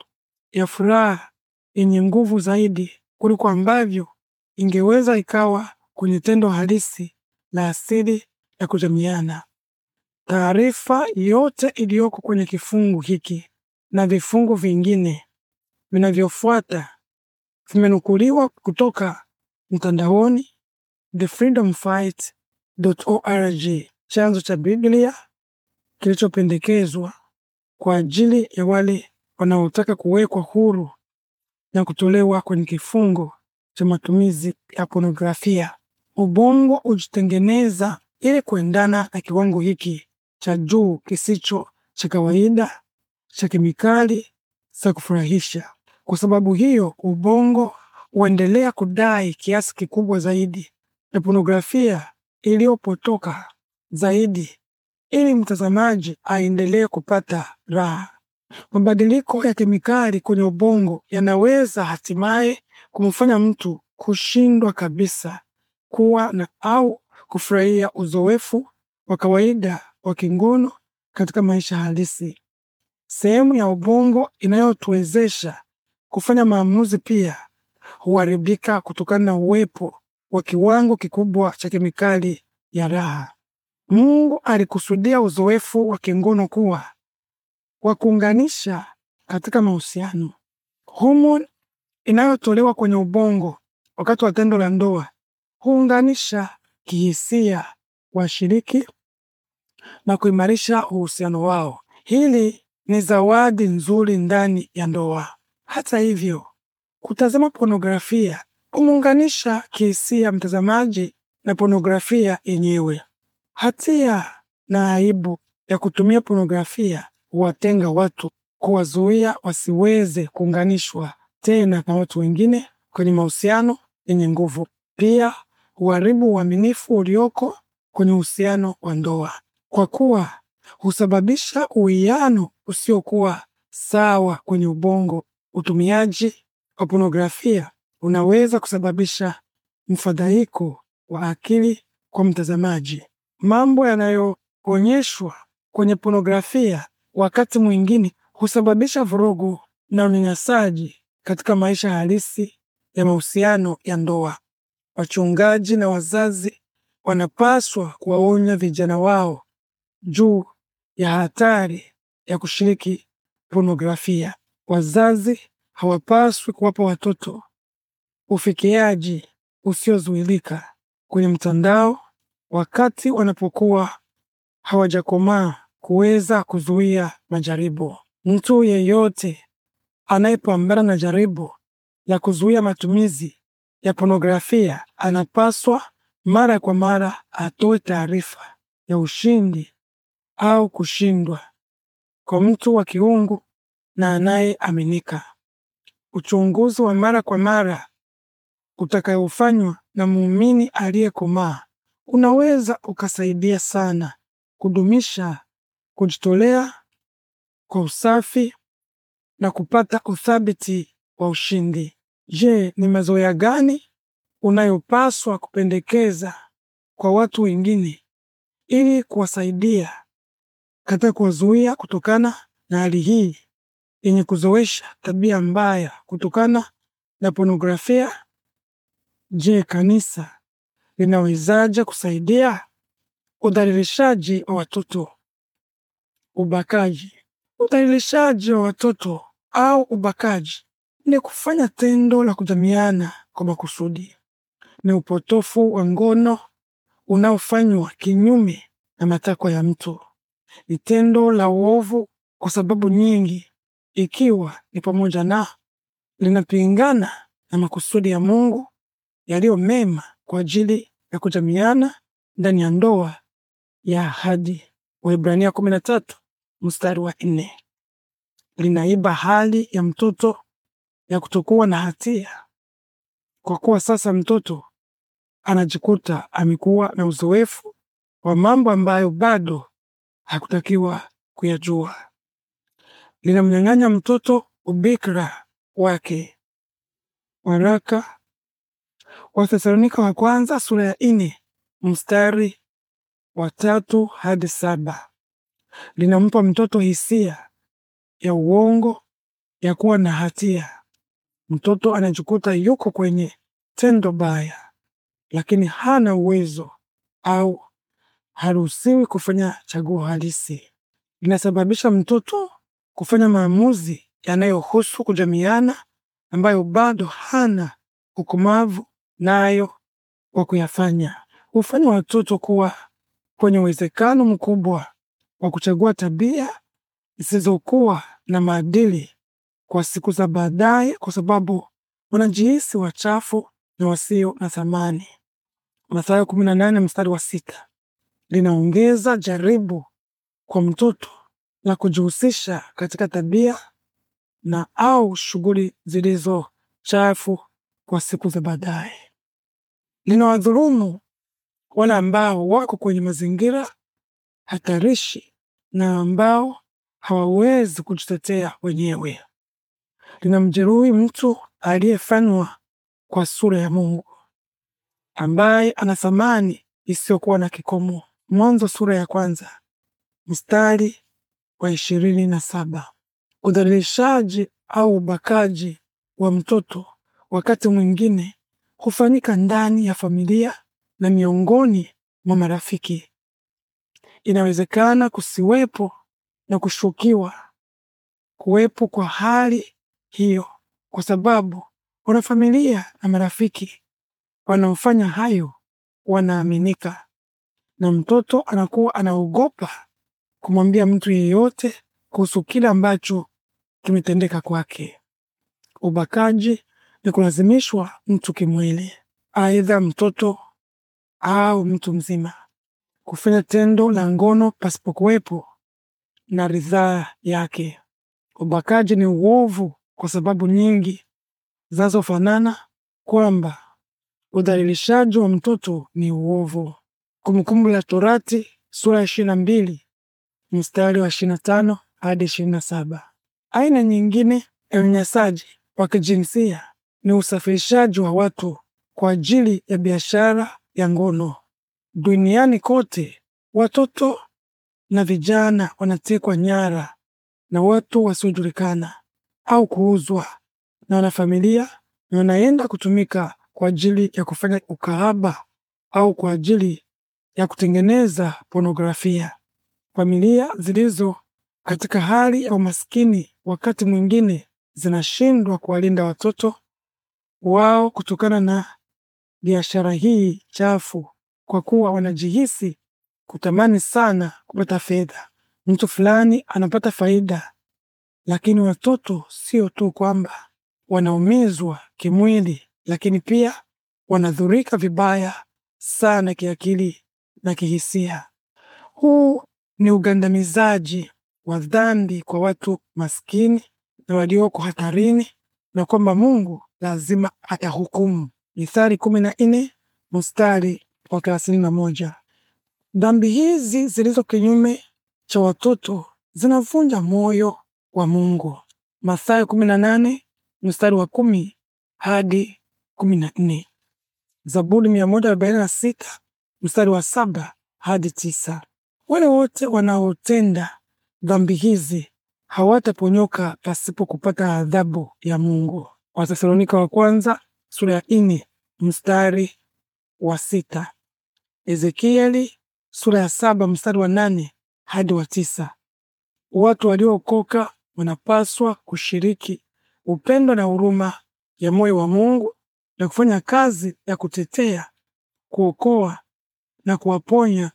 ya furaha yenye nguvu zaidi kuliko ambavyo ingeweza ikawa kwenye tendo halisi la asili ya kujamiana. Taarifa yote iliyoko kwenye kifungu hiki na vifungu vingine vinavyofuata vimenukuliwa kutoka mtandaoni thefreedomfight.org, chanzo cha Biblia kilichopendekezwa kwa ajili ya wale wanaotaka kuwekwa huru na kutolewa kwenye kifungo cha matumizi ya pornografia. Ubongo hujitengeneza ili kuendana na kiwango hiki cha juu kisicho cha kawaida cha kemikali za kufurahisha. Kwa sababu hiyo, ubongo huendelea kudai kiasi kikubwa zaidi na pornografia iliyopotoka zaidi ili mtazamaji aendelee kupata raha. Mabadiliko ya kemikali kwenye ubongo yanaweza hatimaye kumfanya mtu kushindwa kabisa kuwa na au kufurahia uzoefu wa kawaida wa kingono katika maisha halisi. Sehemu ya ubongo inayotuwezesha kufanya maamuzi pia huharibika kutokana na uwepo wa kiwango kikubwa cha kemikali ya raha. Mungu alikusudia uzoefu wa kingono kuwa wa kuunganisha katika mahusiano. Homoni inayotolewa kwenye ubongo wakati wa tendo la ndoa huunganisha kihisia washiriki na kuimarisha uhusiano wao. Hili ni zawadi nzuri ndani ya ndoa. Hata hivyo, kutazama pornografia kumuunganisha kihisia mtazamaji na pornografia yenyewe. Hatia na aibu ya kutumia pornografia huwatenga watu, kuwazuia wasiweze kuunganishwa tena na watu wengine kwenye mahusiano yenye nguvu. Pia huharibu uaminifu ulioko kwenye uhusiano wa ndoa, kwa kuwa husababisha uwiano usiokuwa sawa kwenye ubongo. Utumiaji wa pornografia unaweza kusababisha mfadhaiko wa akili kwa mtazamaji. Mambo yanayoonyeshwa kwenye pornografia wakati mwingine husababisha vurugu na unyanyasaji katika maisha halisi ya mahusiano ya ndoa. Wachungaji na wazazi wanapaswa kuwaonya vijana wao juu ya hatari ya kushiriki pornografia. Wazazi hawapaswi kuwapa watoto ufikiaji usiozuilika kwenye mtandao wakati wanapokuwa hawajakomaa kuweza kuzuia majaribu. Mtu yeyote anayepambana na jaribu la kuzuia matumizi ya pornografia anapaswa mara kwa mara atoe taarifa ya ushindi au kushindwa kwa mtu wa kiungu na anayeaminika. Uchunguzi wa mara kwa mara utakayofanywa na muumini aliyekomaa unaweza ukasaidia sana kudumisha kujitolea kwa usafi na kupata uthabiti wa ushindi. Je, ni mazoea gani unayopaswa kupendekeza kwa watu wengine ili kuwasaidia katika kuwazuia kutokana na hali hii yenye kuzoesha tabia mbaya kutokana na ponografia Je, kanisa linawezaje kusaidia udhalilishaji wa watoto, ubakaji Udhalilishaji wa watoto au ubakaji ni kufanya tendo la kujamiana kwa makusudi. Ni upotofu wa ngono unaofanywa kinyume na matakwa ya mtu. Ni tendo la uovu kwa sababu nyingi, ikiwa ni pamoja na linapingana na makusudi ya Mungu yaliyo mema kwa ajili ya kujamiana ndani ya ndoa ya ahadi. Waebrania mstari wa nne linaiba hali ya mtoto ya kutokuwa na hatia, kwa kuwa sasa mtoto anajikuta amekuwa na uzoefu wa mambo ambayo bado hakutakiwa kuyajua. Linamnyang'anya mtoto ubikra wake. Waraka wa Thesalonika wa kwanza sura ya nne mstari wa tatu hadi saba linampa mtoto hisia ya uongo ya kuwa na hatia. Mtoto anajikuta yuko kwenye tendo baya, lakini hana uwezo au haruhusiwi kufanya chaguo halisi. Linasababisha mtoto kufanya maamuzi yanayohusu kujamiana ambayo bado hana ukomavu nayo wa kuyafanya. Hufanya watoto kuwa kwenye uwezekano mkubwa kwa kuchagua tabia zisizokuwa na maadili kwa siku za baadaye, kwa sababu wanajihisi wachafu na wasio na thamani. Mathayo 18 mstari wa sita linaongeza jaribu kwa mtoto la kujihusisha katika tabia na au shughuli zilizo chafu kwa siku za baadaye. Linawadhulumu wale ambao wako kwenye mazingira hatarishi na ambao hawawezi kujitetea wenyewe. Linamjeruhi mtu aliyefanywa kwa sura ya Mungu, ambaye ana thamani isiyokuwa na kikomo. Mwanzo sura ya kwanza mstari wa ishirini na saba. Udhalilishaji au ubakaji wa mtoto wakati mwingine hufanyika ndani ya familia na miongoni mwa marafiki inawezekana kusiwepo na kushukiwa kuwepo kwa hali hiyo, kwa sababu wanafamilia na marafiki wanaofanya hayo wanaaminika, na mtoto anakuwa anaogopa kumwambia mtu yeyote kuhusu kile ambacho kimetendeka kwake. Ubakaji ni kulazimishwa mtu kimwili, aidha mtoto au mtu mzima kufanya tendo la ngono pasipokuwepo na ridhaa yake. Ubakaji ni uovu kwa sababu nyingi zinazofanana, kwamba udhalilishaji wa mtoto ni uovu. Kumbukumbu la Torati sura ya ishirini na mbili mstari wa ishirini na tano hadi ishirini na saba. Aina nyingine ya unyanyasaji wa kijinsia ni usafirishaji wa watu kwa ajili ya biashara ya ngono. Duniani kote watoto na vijana wanatekwa nyara na watu wasiojulikana au kuuzwa na wanafamilia, na wanaenda kutumika kwa ajili ya kufanya ukahaba au kwa ajili ya kutengeneza pornografia. Familia zilizo katika hali ya umaskini wakati mwingine zinashindwa kuwalinda watoto wao kutokana na biashara hii chafu kwa kuwa wanajihisi kutamani sana kupata fedha. Mtu fulani anapata faida, lakini watoto sio tu kwamba wanaumizwa kimwili, lakini pia wanadhurika vibaya sana kiakili na kihisia. Huu ni ugandamizaji wa dhambi kwa watu maskini na walioko hatarini, na kwamba Mungu lazima atahukumu. Mithali kumi na nne mstari wa thelathini na moja. Dhambi hizi zilizo kinyume cha watoto zinavunja moyo wa Mungu. Mathayo kumi na nane mstari wa kumi hadi kumi na nne. Zaburi mia moja arobaini na sita mstari wa saba hadi tisa. Wale wote wanaotenda dhambi hizi hawataponyoka pasipo kupata adhabu ya Mungu. Watesalonika wa kwanza sura ya nne mstari wa sita. Ezekieli sura ya saba mstari wa nane hadi wa tisa. Watu waliookoka wanapaswa kushiriki upendo na huruma ya moyo wa Mungu na kufanya kazi ya kutetea, kuokoa na kuwaponya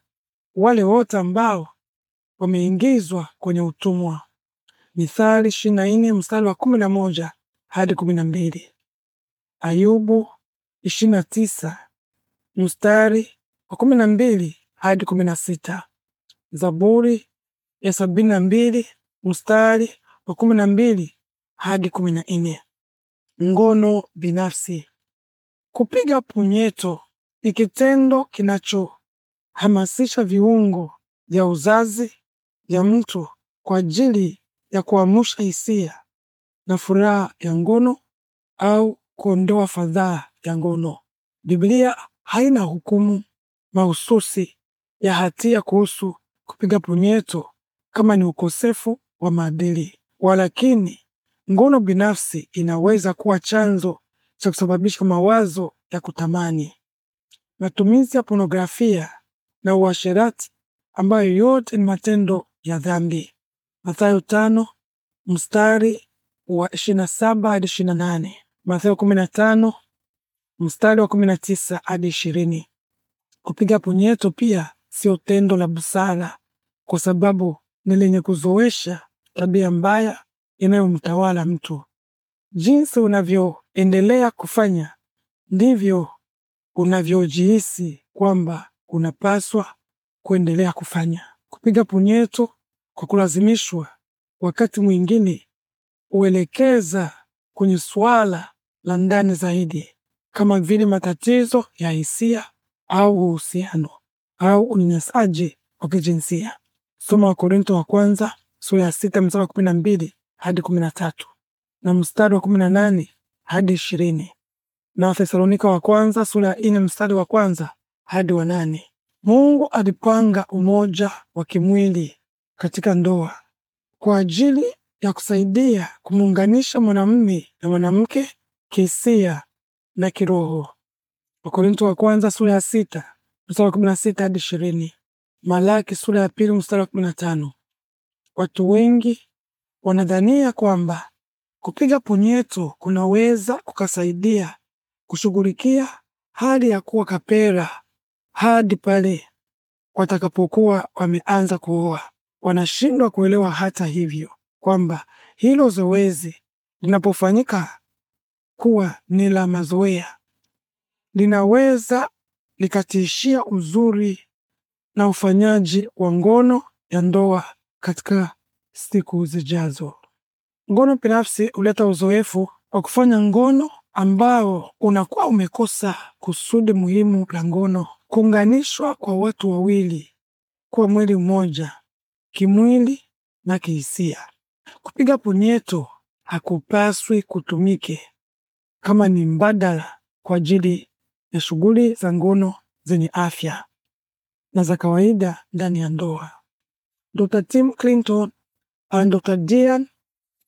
wale wote ambao wameingizwa kwenye utumwa. Mithali 24 mstari wa 11 hadi 12. Ayubu 29 mstari wa kumi na mbili hadi kumi na sita Zaburi ya sabini na mbili mstari wa kumi na mbili hadi kumi na nne Ngono binafsi. Kupiga punyeto ni kitendo kinachohamasisha viungo vya uzazi vya mtu kwa ajili ya kuamsha hisia na furaha ya ngono au kuondoa fadhaa ya ngono. Biblia haina hukumu mahususi ya hatia kuhusu kupiga punyeto kama ni ukosefu wa maadili. Walakini, ngono binafsi inaweza kuwa chanzo cha kusababisha mawazo ya kutamani, matumizi ya pornografia na uasherati, ambayo yote ni matendo ya dhambi. Mathayo tano mstari wa ishirini na saba hadi ishirini na nane Mathayo kumi na tano mstari wa kumi na tisa hadi ishirini Kupiga punyeto pia sio tendo la busara, kwa sababu ni lenye kuzoesha tabia mbaya inayomtawala mtu. Jinsi unavyoendelea kufanya ndivyo unavyojihisi kwamba unapaswa kuendelea kufanya. Kupiga punyeto kwa kulazimishwa, wakati mwingine huelekeza kwenye swala la ndani zaidi, kama vile matatizo ya hisia au uhusiano au unyanyasaji wa kijinsia. Soma Wakorintho wa kwanza sura ya sita mstari wa kumi na mbili hadi kumi na tatu na mstari wa kumi na nane hadi ishirini na Wathesalonika wa kwanza sura ya nne mstari wa kwanza hadi wa nane. Mungu alipanga umoja wa kimwili katika ndoa kwa ajili ya kusaidia kumuunganisha mwanamume na mwanamke kihisia na kiroho. Wakorintho wa kwanza sura ya sita mstari wa kumi na sita hadi ishirini Malaki sura ya pili mstari wa kumi na tano Watu wengi wanadhania kwamba kupiga punyeto kunaweza kukasaidia kushughulikia hali ya kuwa kapera hadi pale watakapokuwa wameanza kuoa. Wanashindwa kuelewa hata hivyo kwamba hilo zoezi linapofanyika kuwa ni la mazoea linaweza likatishia uzuri na ufanyaji wa ngono ya ndoa katika siku zijazo. Ngono binafsi huleta uzoefu wa kufanya ngono ambao unakuwa umekosa kusudi muhimu la ngono: kuunganishwa kwa watu wawili kwa mwili mmoja, kimwili na kihisia. Kupiga punyeto hakupaswi kutumike kama ni mbadala kwa ajili ya shughuli za ngono zenye afya na za kawaida ndani ya ndoa. Dr. Tim Clinton and Dr. Diane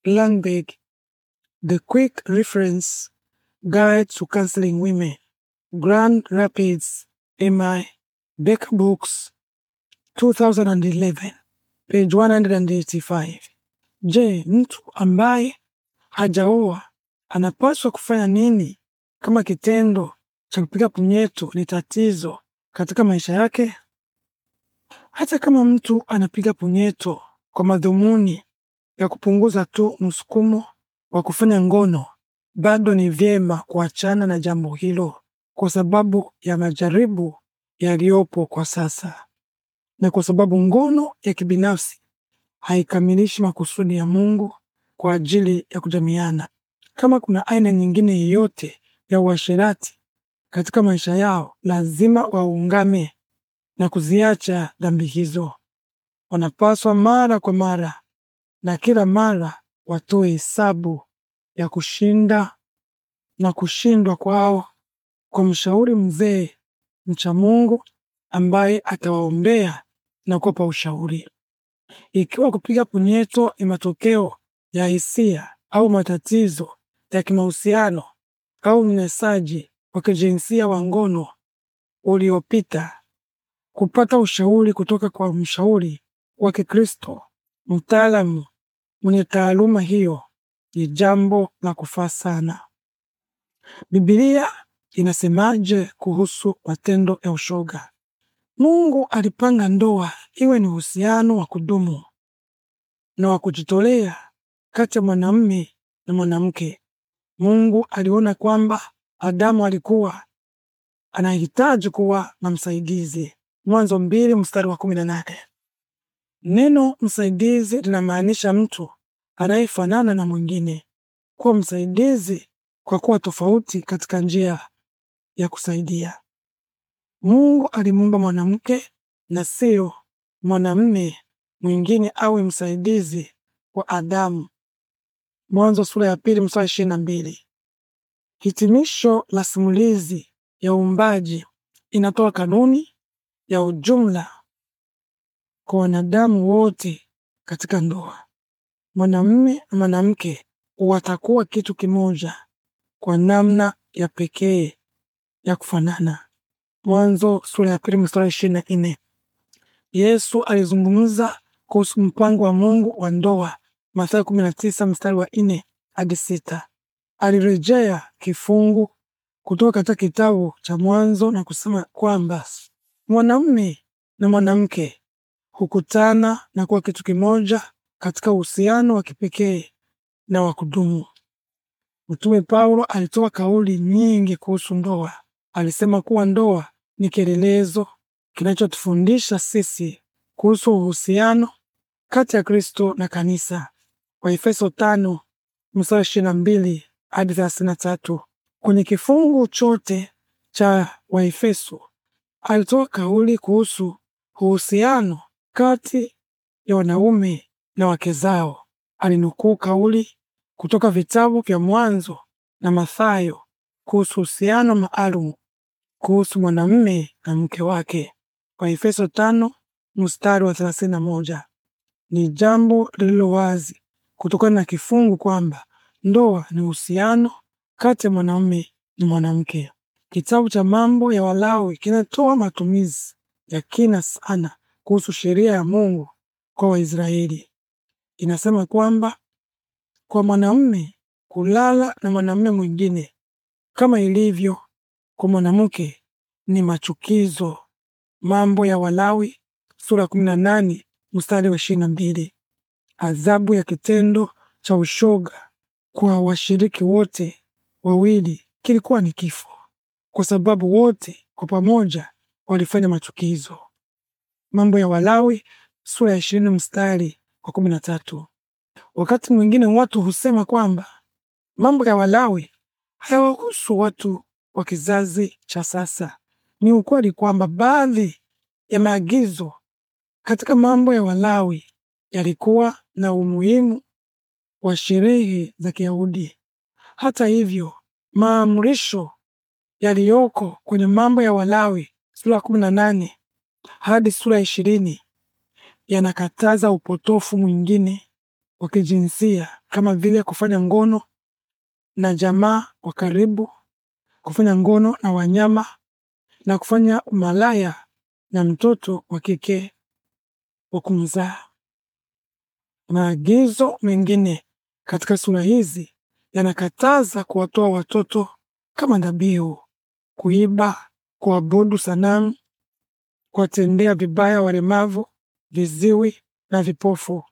Langberg, The Quick Reference Guide to Counseling Women, Grand Rapids, MI, Beck Books, 2011, page 185. Je, mtu ambaye hajaoa anapaswa kufanya nini kama kitendo cha kupiga punyeto ni tatizo katika maisha yake? Hata kama mtu anapiga punyeto kwa madhumuni ya kupunguza tu msukumo wa kufanya ngono, bado ni vyema kuachana na jambo hilo kwa sababu ya majaribu yaliyopo kwa sasa, na kwa sababu ngono ya kibinafsi haikamilishi makusudi ya Mungu kwa ajili ya kujamiana. Kama kuna aina nyingine yoyote ya uasherati katika maisha yao lazima waungame na kuziacha dhambi hizo. Wanapaswa mara kwa mara na kila mara watoe hesabu ya kushinda na kushindwa kwao kwa mshauri mzee mcha Mungu ambaye atawaombea na kupa ushauri. Ikiwa kupiga punyeto ni matokeo ya hisia au matatizo ya kimahusiano au unyanyasaji wa kijinsia wa ngono uliopita, kupata ushauri kutoka kwa mshauri wa Kikristo mtaalamu mwenye taaluma hiyo ni jambo la kufaa sana. Biblia inasemaje kuhusu matendo ya ushoga? Mungu alipanga ndoa iwe ni uhusiano wa kudumu na wa kujitolea kati ya mwanamume na mwanamke. Mungu aliona kwamba Adamu alikuwa anahitaji kuwa na msaidizi. Mwanzo mbili mstari wa kumi na nane. Neno msaidizi linamaanisha mtu anayefanana na mwingine, kuwa msaidizi kwa kuwa tofauti katika njia ya kusaidia. Mungu alimuumba mwanamke na sio mwanamume mwingine awe msaidizi wa Adamu. Mwanzo sura ya pili mstari ishirini na mbili. Hitimisho la simulizi ya uumbaji inatoa kanuni ya ujumla kwa wanadamu wote katika ndoa. Mwanamume na mwanamke watakuwa kitu kimoja kwa namna ya pekee ya kufanana. Mwanzo sura ya pili mstari ishirini na nne. Yesu alizungumza kuhusu mpango wa Mungu wa ndoa, Mathayo 19 mstari wa nne hadi sita alirejea kifungu kutoka katika kitabu cha Mwanzo na kusema kwamba mwanamume na mwanamke hukutana na kuwa kitu kimoja katika uhusiano wa kipekee na wa kudumu. Mtume Paulo alitoa kauli nyingi kuhusu ndoa. Alisema kuwa ndoa ni kielelezo kinachotufundisha sisi kuhusu uhusiano kati ya Kristo na kanisa. Waefeso tano mstari ishirini na mbili hadi thelathini na tatu. Kwenye kifungu chote cha Waefeso alitoa kauli kuhusu uhusiano kati ya wanaume na wake zao. Alinukuu kauli kutoka vitabu vya Mwanzo na Mathayo kuhusu uhusiano maalum kuhusu mwanamme na mke wake. Waefeso tano mstari wa thelathini na moja. Ni jambo lililo wazi kutokana na kifungu kwamba Ndoa ni uhusiano kati ya mwanaume na mwanamke. Kitabu cha Mambo ya Walawi kinatoa matumizi ya kina sana kuhusu sheria ya Mungu kwa Waisraeli. Inasema kwamba kwa mwanaume kulala na mwanaume mwingine kama ilivyo kwa mwanamke ni machukizo. Mambo ya Walawi sura 18 mstari wa 22. Adhabu ya kitendo cha ushoga kwa washiriki wote wawili kilikuwa ni kifo, kwa sababu wote kwa pamoja walifanya machukizo. Mambo ya Walawi sura ya ishirini mstari wa kumi na tatu. Wakati mwingine watu husema kwamba mambo ya Walawi hayawahusu watu wa kizazi cha sasa. Ni ukweli kwamba baadhi ya maagizo katika mambo ya Walawi yalikuwa na umuhimu wa sherehe za Kiyahudi. Hata hivyo, maamrisho yaliyoko kwenye Mambo ya Walawi sura kumi na nane hadi sura ishirini yanakataza upotofu mwingine wa kijinsia kama vile kufanya ngono na jamaa wa karibu, kufanya ngono na wanyama na kufanya umalaya na mtoto wa kike wa kumzaa. Maagizo mengine katika sura hizi yanakataza kuwatoa watoto kama dhabihu, kuiba, kuabudu sanamu, kuwatendea vibaya walemavu, viziwi na vipofu,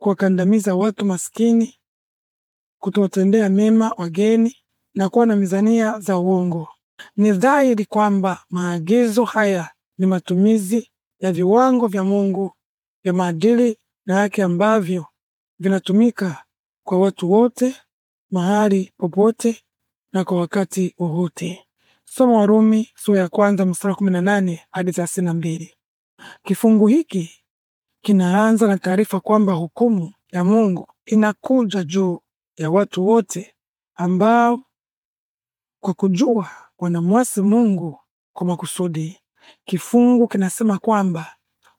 kuwakandamiza watu maskini, kutowatendea mema wageni na kuwa na mizania za uongo. Ni dhahiri kwamba maagizo haya ni matumizi ya viwango vya Mungu vya maadili na yake ambavyo vinatumika kwa watu wote mahali popote na kwa wakati wowote. Soma Warumi sura ya kwanza mstari kumi na nane hadi thelathini na mbili. Kifungu hiki kinaanza na taarifa kwamba hukumu ya Mungu inakuja juu ya watu wote ambao kwa kujua wanamwasi Mungu kwa makusudi. Kifungu kinasema kwamba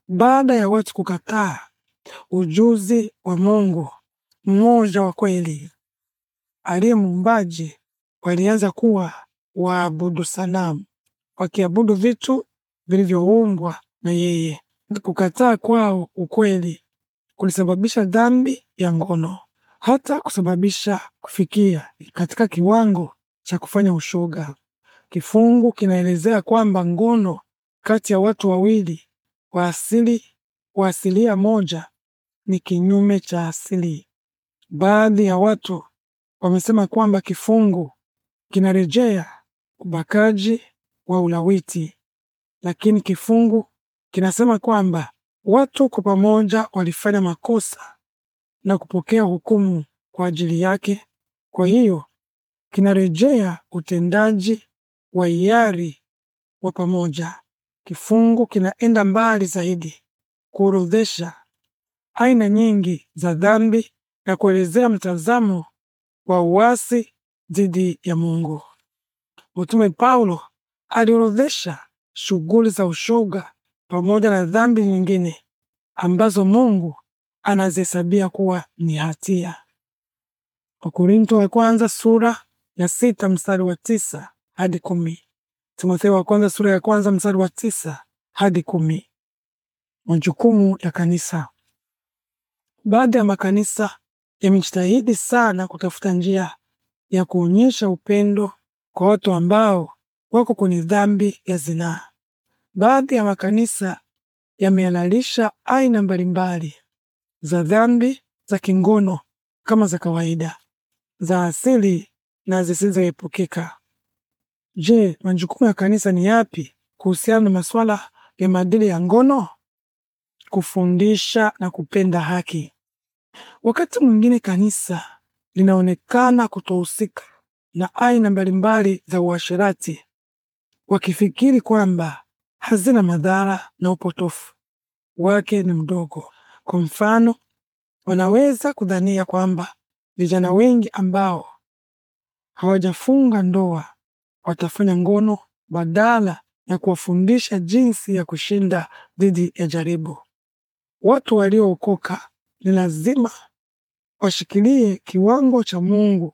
baada ya watu kukataa ujuzi wa Mungu mmoja wa kweli aliye muumbaji walianza kuwa waabudu sanamu, wakiabudu vitu vilivyoumbwa na yeye. Kukataa kwao ukweli kulisababisha dhambi ya ngono, hata kusababisha kufikia katika kiwango cha kufanya ushoga. Kifungu kinaelezea kwamba ngono kati ya watu wawili wa asili wa asilia moja ni kinyume cha asili. Baadhi ya watu wamesema kwamba kifungu kinarejea ubakaji wa ulawiti, lakini kifungu kinasema kwamba watu kwa pamoja walifanya makosa na kupokea hukumu kwa ajili yake. Kwa hiyo kinarejea utendaji wa hiari wa pamoja. Kifungu kinaenda mbali zaidi kuorodhesha aina nyingi za dhambi na kuelezea mtazamo wa uasi dhidi ya Mungu. Mtume Paulo aliorodhesha shughuli za ushoga pamoja na dhambi nyingine ambazo Mungu anazihesabia kuwa ni hatia. Wakorinto wa kwanza sura ya sita mstari wa tisa hadi kumi. Timotheo wa kwanza sura ya kwanza mstari wa tisa hadi kumi. Majukumu ya kanisa. Baadhi ya makanisa imejitahidi sana kutafuta njia ya kuonyesha upendo kwa watu ambao wako kwenye dhambi ya zinaa. Baadhi ya makanisa yamehalalisha aina mbalimbali za dhambi za kingono kama za kawaida, za asili na zisizoepukika. Je, majukumu ya kanisa ni yapi kuhusiana na masuala ya maadili ya ngono? Kufundisha na kupenda haki. Wakati mwingine kanisa linaonekana kutohusika na aina mbalimbali za uasherati, wakifikiri kwamba hazina madhara na upotofu wake ni mdogo. Kwa mfano, wanaweza kudhania kwamba vijana wengi ambao hawajafunga ndoa watafanya ngono badala ya kuwafundisha jinsi ya kushinda dhidi ya jaribu. Watu waliookoka ni lazima washikilie kiwango cha Mungu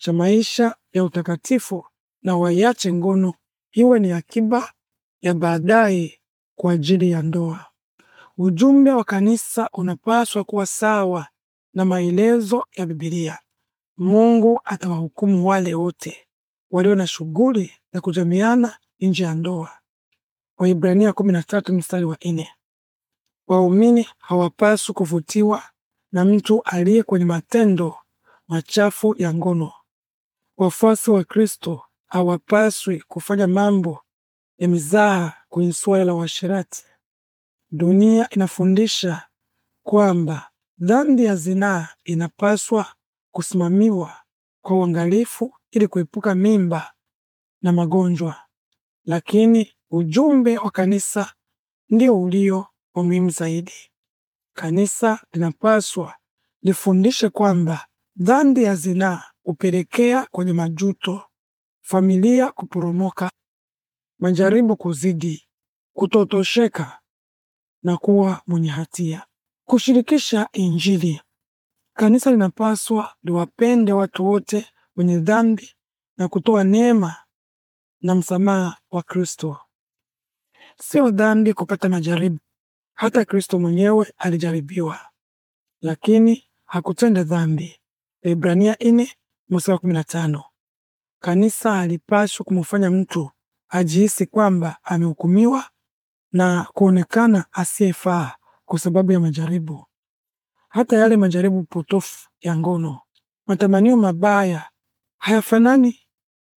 cha maisha ya utakatifu na waiache ngono iwe ni akiba ya baadaye kwa ajili ya ndoa. Ujumbe wa kanisa unapaswa kuwa sawa na maelezo ya Biblia. Mungu atawahukumu wale wote walio na shughuli za kujamiana nje ya ndoa. Waibrania 13 mstari wa 4. Waumini hawapaswi kuvutiwa na mtu aliye kwenye matendo machafu ya ngono. Wafuasi wa Kristo hawapaswi kufanya mambo ya mizaha kwenye suala la uasherati. Dunia inafundisha kwamba dhambi ya zinaa inapaswa kusimamiwa kwa uangalifu ili kuepuka mimba na magonjwa, lakini ujumbe wa kanisa ndio ulio wa muhimu zaidi. Kanisa linapaswa lifundishe kwamba dhambi ya zinaa hupelekea kwenye majuto, familia kuporomoka, majaribu kuzidi, kutotosheka na kuwa mwenye hatia. Kushirikisha Injili. Kanisa linapaswa liwapende watu wote wenye dhambi na kutoa neema na msamaha wa Kristo. Sio dhambi kupata majaribu, hata Kristo mwenyewe alijaribiwa, lakini hakutenda dhambi. Ebrania ine, mstari wa 15. Kanisa alipashwa kumfanya mtu ajihisi kwamba amehukumiwa na kuonekana asiyefaa kwa sababu ya majaribu, hata yale majaribu potofu ya ngono. Matamanio mabaya hayafanani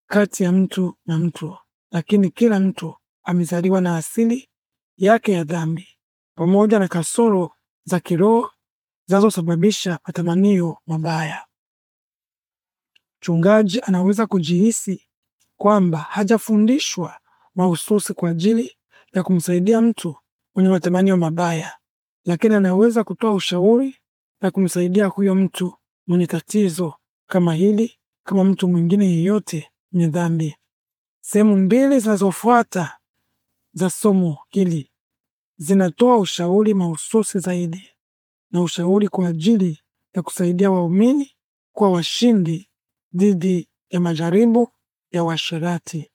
kati ya mtu na mtu, lakini kila mtu amezaliwa na asili yake ya dhambi pamoja na kasoro za kiroho zinazosababisha matamanio mabaya. Mchungaji anaweza kujihisi kwamba hajafundishwa mahususi kwa ajili ya kumsaidia mtu mwenye matamanio mabaya, lakini anaweza kutoa ushauri na kumsaidia huyo mtu mwenye tatizo kama hili, kama mtu mwingine yeyote mwenye dhambi. Sehemu mbili zinazofuata za somo hili zinatoa ushauri mahususi zaidi na ushauri kwa ajili ya kusaidia waumini kwa washindi dhidi ya majaribu ya washirati.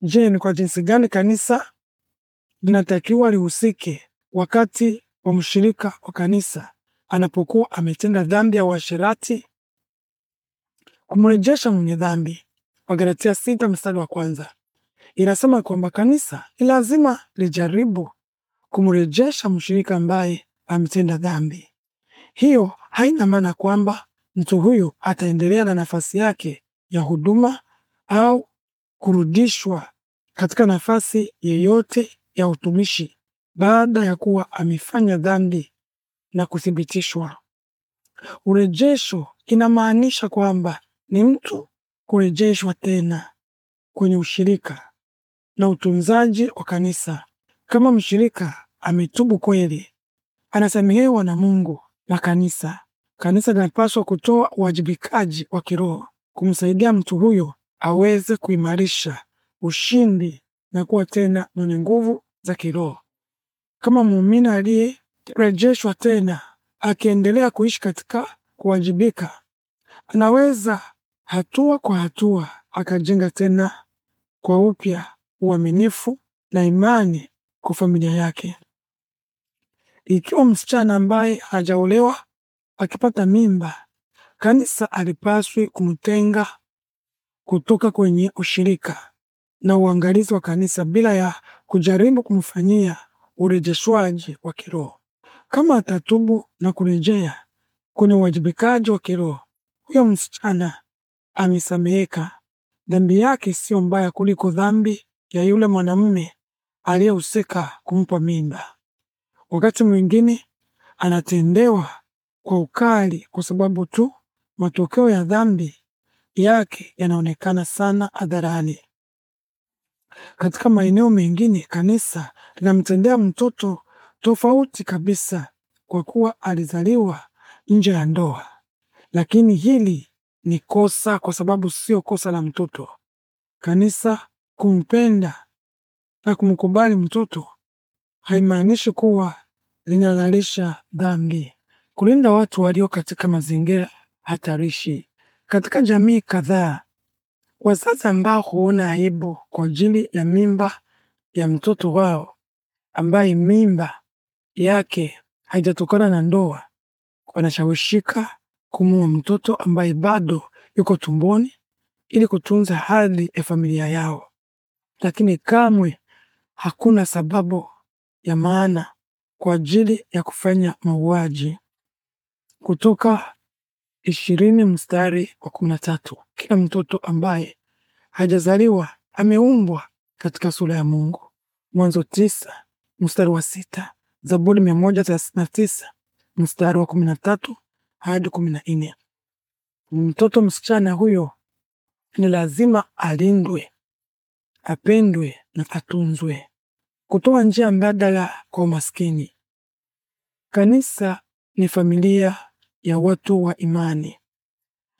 Je, ni kwa jinsi gani kanisa linatakiwa lihusike wakati wa mshirika wa kanisa anapokuwa ametenda dhambi ya washirati? Kumrejesha mwenye dhambi, Wagalatia sita mstari wa kwanza inasema kwamba kanisa ni lazima lijaribu kumrejesha mshirika ambaye ametenda dhambi. Hiyo haina maana kwamba mtu huyu ataendelea na nafasi yake ya huduma au kurudishwa katika nafasi yeyote ya utumishi baada ya kuwa amefanya dhambi na kuthibitishwa. Urejesho inamaanisha kwamba ni mtu kurejeshwa tena kwenye ushirika na utunzaji wa kanisa. Kama mshirika ametubu kweli, anasamehewa na Mungu na kanisa. Kanisa linapaswa kutoa uwajibikaji wa kiroho kumsaidia mtu huyo aweze kuimarisha ushindi na kuwa tena mwenye nguvu za kiroho. Kama muumini aliyerejeshwa tena akiendelea kuishi katika kuwajibika, anaweza hatua kwa hatua akajenga tena kwa upya uaminifu na imani kwa familia yake. Ikiwa msichana ambaye hajaolewa akipata mimba, kanisa alipaswi kumtenga kutoka kwenye ushirika na uangalizi wa kanisa bila ya kujaribu kumfanyia urejeshwaji wa kiroho. Kama atatubu na kurejea kwenye uwajibikaji wa kiroho, huyo msichana amesameheka. Dhambi yake siyo mbaya kuliko dhambi ya yule mwanamume aliyehusika kumpa mimba. Wakati mwingine anatendewa kwa ukali kwa sababu tu matokeo ya dhambi yake yanaonekana sana hadharani. Katika maeneo mengine kanisa linamtendea mtoto tofauti kabisa kwa kuwa alizaliwa nje ya ndoa. Lakini hili ni kosa kwa sababu sio kosa la mtoto. Kanisa Kumpenda na kumkubali mtoto haimaanishi kuwa linalalisha dhambi. Kulinda watu walio katika mazingira hatarishi. Katika jamii kadhaa, wazazi ambao huona aibu kwa ajili ya mimba ya mtoto wao ambaye mimba yake haijatokana na ndoa, wanashawishika kumua mtoto ambaye bado yuko tumboni ili kutunza hali ya familia yao lakini kamwe hakuna sababu ya maana kwa ajili ya kufanya mauaji. Kutoka ishirini mstari wa kumi na tatu. Kila mtoto ambaye hajazaliwa ameumbwa katika sura ya Mungu. Mwanzo tisa mstari wa sita. Zaburi mia moja thelathini na tisa mstari wa kumi na tatu hadi kumi na nne. Mtoto msichana huyo ni lazima alindwe apendwe na atunzwe. Kutoa njia mbadala kwa maskini. Kanisa ni familia ya watu wa imani.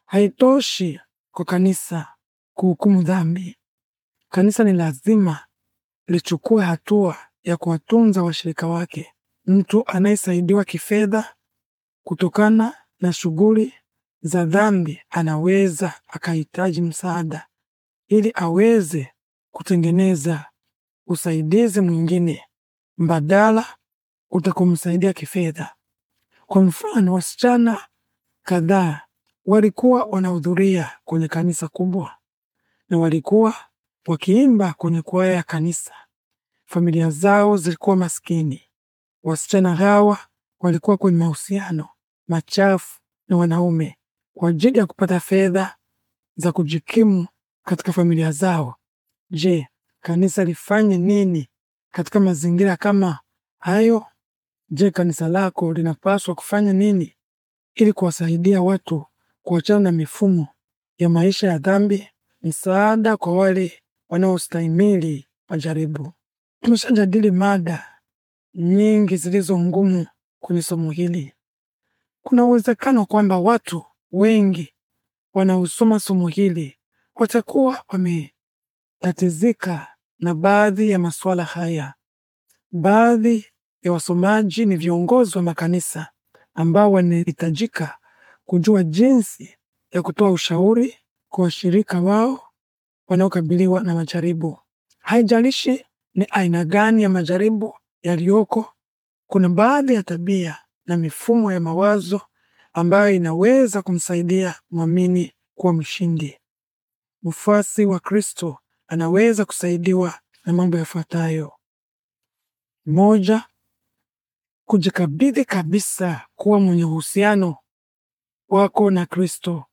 Haitoshi kwa kanisa kuhukumu dhambi. Kanisa ni lazima lichukue hatua ya kuwatunza washirika wake. Mtu anayesaidiwa kifedha kutokana na shughuli za dhambi anaweza akahitaji msaada ili aweze kutengeneza usaidizi mwingine mbadala utakumsaidia kifedha. Kwa mfano, wasichana kadhaa walikuwa wanahudhuria kwenye kanisa kubwa na walikuwa wakiimba kwenye kwaya ya kanisa. Familia zao zilikuwa maskini. Wasichana hawa walikuwa kwenye mahusiano machafu na wanaume kwa ajili ya kupata fedha za kujikimu katika familia zao Je, kanisa lifanye nini katika mazingira kama hayo? Je, kanisa lako linapaswa kufanya nini ili kuwasaidia watu kuachana na mifumo ya maisha ya dhambi? Msaada kwa wale wanaostahimili majaribu. Tumeshajadili mada nyingi zilizo ngumu kwenye somo hili. Kuna uwezekano kwamba watu wengi wanaosoma somo hili watakuwa wame tatizika na baadhi ya masuala haya. Baadhi ya wasomaji ni viongozi wa makanisa ambao wanahitajika kujua jinsi ya kutoa ushauri kwa washirika wao wanaokabiliwa na majaribu. Haijalishi ni aina gani ya majaribu yaliyoko, kuna baadhi ya tabia na mifumo ya mawazo ambayo inaweza kumsaidia mwamini kuwa mshindi. Mfuasi wa Kristo anaweza kusaidiwa na mambo yafuatayo: moja, kujikabidhi kabisa kuwa mwenye uhusiano wako na Kristo,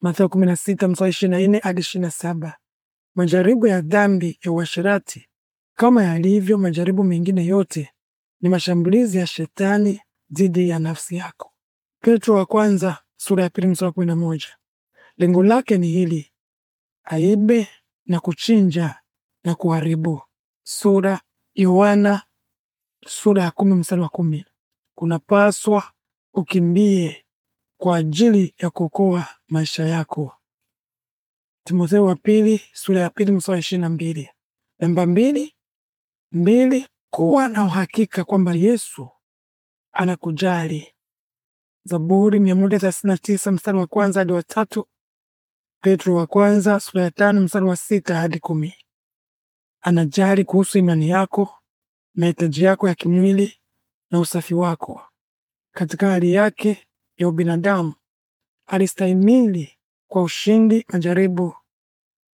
Mathayo 16 mstari 24 hadi 27. Majaribu ya dhambi ya uasherati, kama yalivyo majaribu mengine yote, ni mashambulizi ya shetani dhidi ya nafsi yako. Petro wa kwanza sura ya pili mstari wa 11. Lengo lake ni hili aibe na kuchinja na kuharibu. Sura Yohana sura ya kumi mstari wa kumi. Kunapaswa ukimbie kwa ajili ya kuokoa maisha yako. Timotheo wa pili sura ya pili mstari wa ishirini na mbili. Namba mbili, mbili, kuwa na uhakika kwamba Yesu anakujali. Zaburi mia moja thelathini na tisa mstari wa kwanza hadi wa tatu Petro wa kwanza sura ya tano mstari wa sita hadi kumi. Anajali kuhusu imani yako, mahitaji yako ya kimwili na usafi wako. Katika hali yake ya ubinadamu, alistahimili kwa ushindi majaribu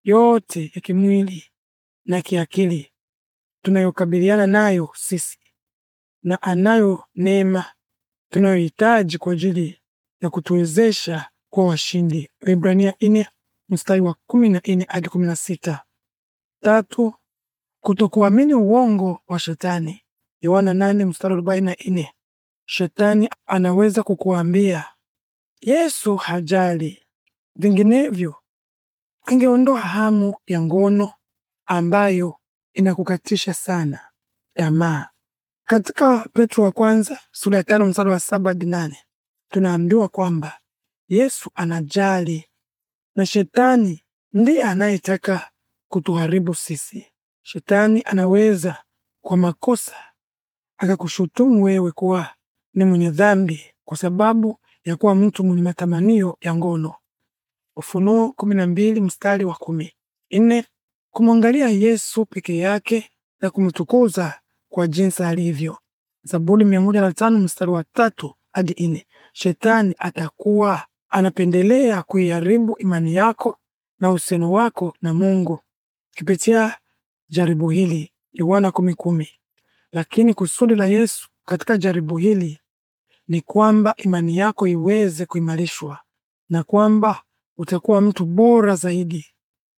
yote ya kimwili na kiakili tunayokabiliana nayo sisi, na anayo neema tunayohitaji kwa ajili ya kutuwezesha kuwa washindi. Waebrania mstari wa kumi na nne hadi kumi na sita. Tatu, kutokuamini uongo wa shetani. Yohana nane mstari arobaini na nne. Shetani anaweza kukuambia Yesu hajali, vinginevyo angeondoa hamu ya ngono ambayo inakukatisha sana tamaa. Katika Petro wa kwanza sura ya tano mstari wa saba hadi nane tunaambiwa kwamba Yesu anajali na shetani ndiye anayetaka kutuharibu sisi. Shetani anaweza kwa makosa akakushutumu wewe kuwa ni mwenye dhambi kwa sababu ya kuwa mtu mwenye matamanio ya ngono. Ufunuo kumi na mbili mstari wa kumi. kumwangalia Yesu peke yake na kumtukuza kwa jinsi alivyo. Zaburi mstari wa hadi Shetani atakuwa anapendelea kuiharibu imani yako na uhusiano wako na Mungu kupitia jaribu hili, Yohana 10:10. Lakini kusudi la Yesu katika jaribu hili ni kwamba imani yako iweze kuimarishwa na kwamba utakuwa mtu bora zaidi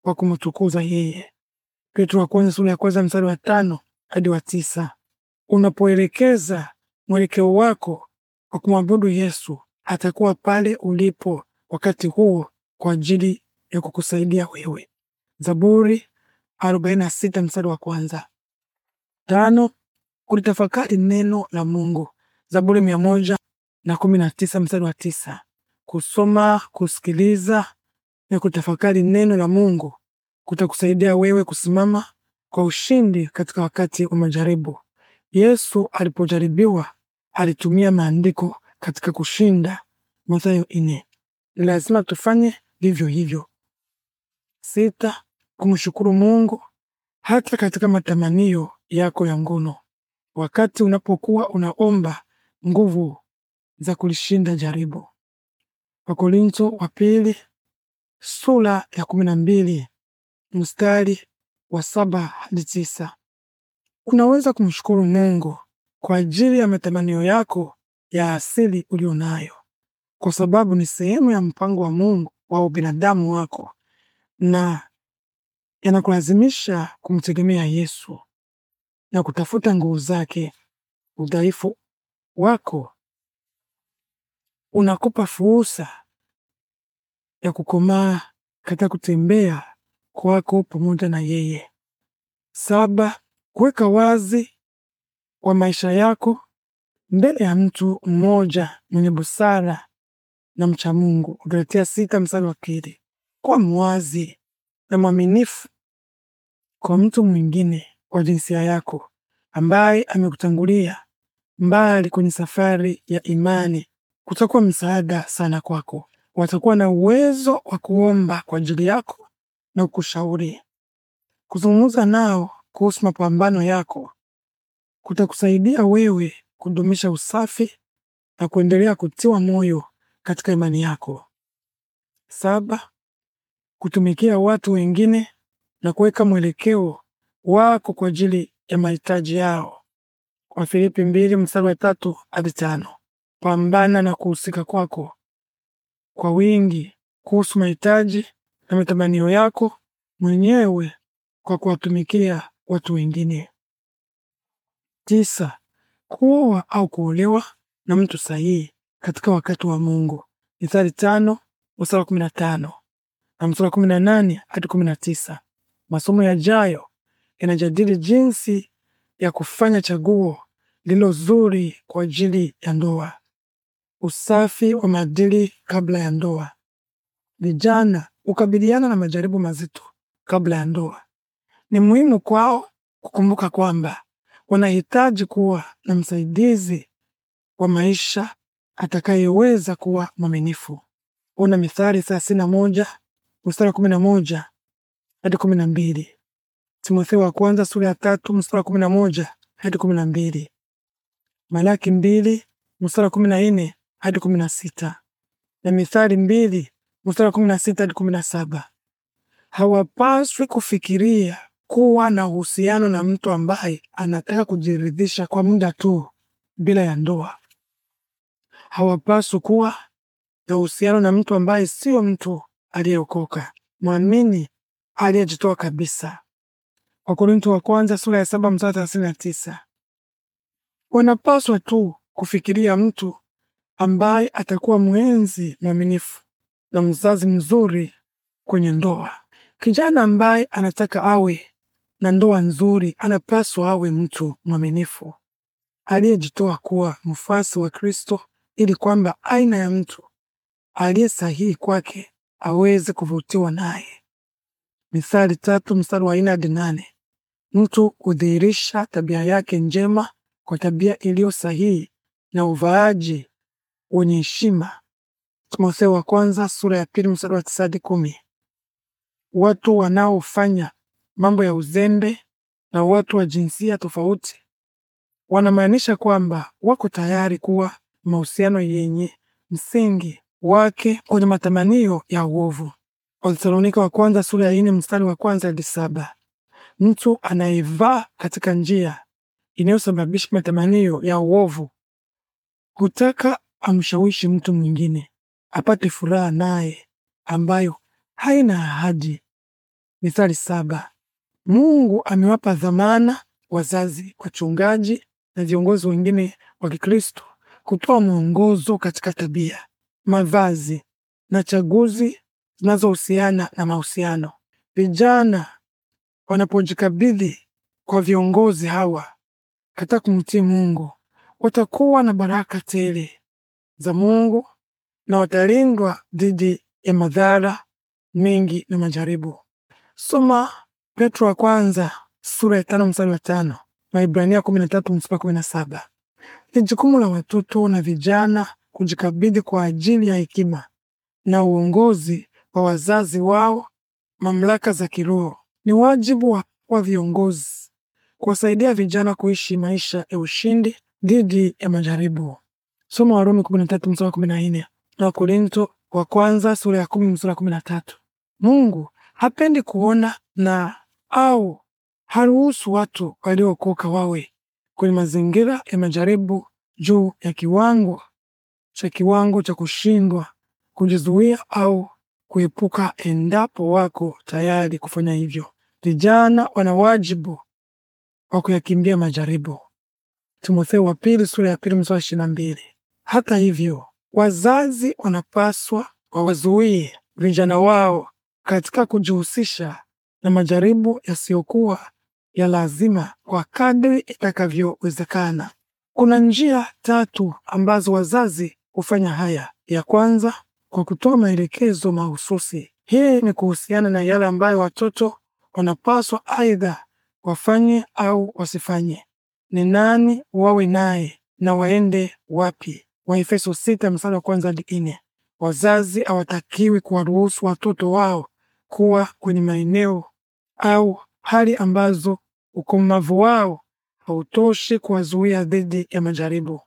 kwa kumtukuza yeye. Petro wa kwanza sura ya kwanza mstari wa tano hadi wa tisa. Unapoelekeza mwelekeo wako kwa kumwabudu Yesu atakuwa pale ulipo wakati huo kwa ajili ya kukusaidia wewe. Zaburi 46 mstari wa kwanza. Tano, kulitafakari neno la Mungu. Zaburi mia na kumi tisa mstari wa tisa. Kusoma, kusikiliza na kutafakari neno la Mungu kutakusaidia wewe kusimama kwa ushindi katika wakati wa majaribu. Yesu alipojaribiwa alitumia maandiko katika kushinda Mathayo ine. Ni lazima tufanye vivyo hivyo. Sita, kumshukuru Mungu hata katika matamanio yako ya ngono, wakati unapokuwa unaomba nguvu za kulishinda jaribu. Wakorintho wa pili sura ya kumi na mbili mstari wa saba hadi tisa. Unaweza kumshukuru Mungu kwa ajili ya matamanio yako ya asili nayo kwa sababu ni sehemu ya mpango wa Mungu wa ubinadamu wako na yanakulazimisha kumtegemea Yesu na kutafuta nguvu zake. Udhaifu wako unakupa fursa ya kukomaa katika kutembea kwako pamoja na yeye. Saba, kuweka wazi wa maisha yako mbele ya mtu mmoja mwenye busara na mcha Mungu. Wagalatia sita mstari wa pili. Kuwa mwazi na mwaminifu kwa mtu mwingine wa jinsia yako ambaye amekutangulia mbali kwenye safari ya imani kutakuwa msaada sana kwako. Watakuwa na uwezo wa kuomba kwa ajili yako na kukushauri. Kuzungumza nao kuhusu mapambano yako kutakusaidia wewe kudumisha usafi na kuendelea kutiwa moyo katika imani yako. Saba, kutumikia watu wengine na kuweka mwelekeo wako kwa ajili ya mahitaji yao. Kwa Filipi mbili mstari wa tatu hadi tano. Pambana na kuhusika kwako kwa wingi kuhusu mahitaji na matamanio yako mwenyewe kwa kuwatumikia watu wengine. Tisa, kuoa au kuolewa na mtu sahihi katika wakati wa Mungu. Mithali tano mstari kumi na tano na mstari kumi na nane hadi kumi na tisa. Masomo yajayo yanajadili jinsi ya kufanya chaguo lilo zuri kwa ajili ya ndoa. Usafi wa maadili kabla ya ndoa. Vijana ukabiliana na majaribu mazito kabla ya ndoa. Ni muhimu kwao kukumbuka kwamba wanahitaji kuwa na msaidizi wa maisha atakayeweza kuwa mwaminifu. Ona Mithali thelathini moja mstari wa moja hadi mbili Timotheo wa kwanza sura ya tatu mstari wa moja hadi mbili Malaki mbili mstari wa kumi hadi na sita na Mithali mbili mstari wa sita hadi saba Hawapaswi kufikiria kuwa na uhusiano na mtu ambaye anataka kujiridhisha kwa muda tu bila ya ndoa. Hawapaswi kuwa na uhusiano na mtu ambaye sio mtu aliyeokoka, mwamini aliyejitoa kabisa. Wakorintho wa kwanza sura ya saba mstari thelathini na tisa. Wanapaswa tu kufikiria mtu ambaye atakuwa mwenzi mwaminifu na mzazi mzuri kwenye ndoa. Kijana ambaye anataka awe na ndoa nzuri, anapaswa awe mtu mwaminifu aliyejitoa kuwa mfuasi wa Kristo ili kwamba aina ya mtu aliye sahihi kwake aweze kuvutiwa naye. Mithali tatu mstari wa nne hadi nane. Mtu hudhihirisha tabia yake njema kwa tabia iliyo sahihi na uvaaji wenye heshima. Timotheo wa kwanza sura ya pili mstari wa tisa hadi kumi. Watu wanaofanya mambo ya uzembe na watu wa jinsia tofauti wanamaanisha kwamba wako tayari kuwa mahusiano yenye msingi wake kwenye matamanio ya uovu. wa kwanza sura ya nne mstari wa kwanza hadi saba. Mtu anayevaa katika njia inayosababisha matamanio ya uovu hutaka amshawishi mtu mwingine apate furaha naye ambayo haina ahadi. Mithali saba Mungu amewapa dhamana wazazi, wachungaji na viongozi wengine wa Kikristo kutoa mwongozo katika tabia, mavazi na chaguzi zinazohusiana na mahusiano. Vijana wanapojikabidhi kwa viongozi hawa katika kumtii Mungu, watakuwa na baraka tele za Mungu na watalindwa dhidi ya madhara mengi na majaribu. Soma Petro wa kwanza sura ya tano mstari wa tano na Ibrania kumi na tatu mstari kumi na saba. Ni jukumu la watoto na vijana kujikabidhi kwa ajili ya hekima na uongozi wa wazazi wao, mamlaka za kiroho. Ni wajibu wa kwa viongozi kuwasaidia vijana kuishi maisha ya ushindi dhidi ya majaribu. Soma Warumi 13 mstari 14 na Wakorintho wa kwanza sura ya 10 mstari 13. Mungu hapendi kuona na au haruhusu watu waliokoka wawe kwenye mazingira ya majaribu juu ya kiwango cha kiwango cha kushindwa kujizuia au kuepuka, endapo wako tayari kufanya hivyo. Vijana wana wajibu wa kuyakimbia majaribu, Timotheo wa pili sura ya pili mstari ishirini na mbili. Hata hivyo, wazazi wanapaswa wawazuie vijana wao katika kujihusisha na majaribu yasiyokuwa ya lazima kwa kadri itakavyowezekana. Kuna njia tatu ambazo wazazi hufanya haya. Ya kwanza, kwa kutoa maelekezo mahususi. Hii ni kuhusiana na yale ambayo watoto wanapaswa aidha wafanye au wasifanye, ni nani wawe naye na waende wapi. Waefeso sita mstari wa kwanza hadi nne. Wazazi hawatakiwi kuwaruhusu watoto wao kuwa kwenye maeneo au hali ambazo ukomavu wao hautoshi kuwazuia dhidi ya majaribu.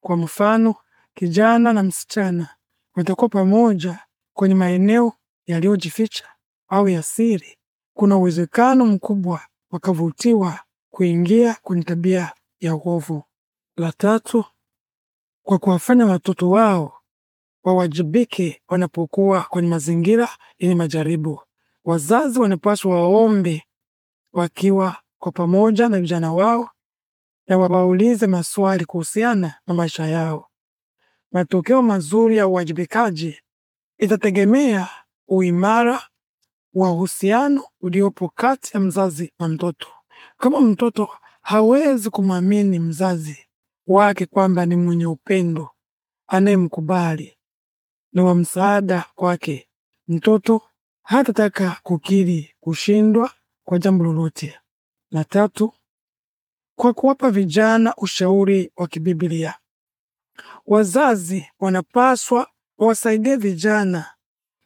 Kwa mfano, kijana na msichana watakuwa pamoja kwenye maeneo yaliyojificha au ya siri, kuna uwezekano mkubwa wakavutiwa kuingia kwenye tabia ya uovu. La tatu, kwa kuwafanya watoto wao wawajibike wanapokuwa kwenye mazingira yenye majaribu. Wazazi wanapaswa waombe wakiwa kwa pamoja na vijana wao na wawaulize maswali kuhusiana na maisha yao. Matokeo mazuri ya uwajibikaji itategemea uimara wa uhusiano uliopo kati ya mzazi na mtoto. Kama mtoto hawezi kumwamini mzazi wake kwamba ni mwenye upendo, anayemkubali na wa msaada kwake, mtoto hatataka kukiri kushindwa kwa jambo lolote. Na tatu, kwa kuwapa vijana ushauri wa kibiblia. Wazazi wanapaswa wawasaidie vijana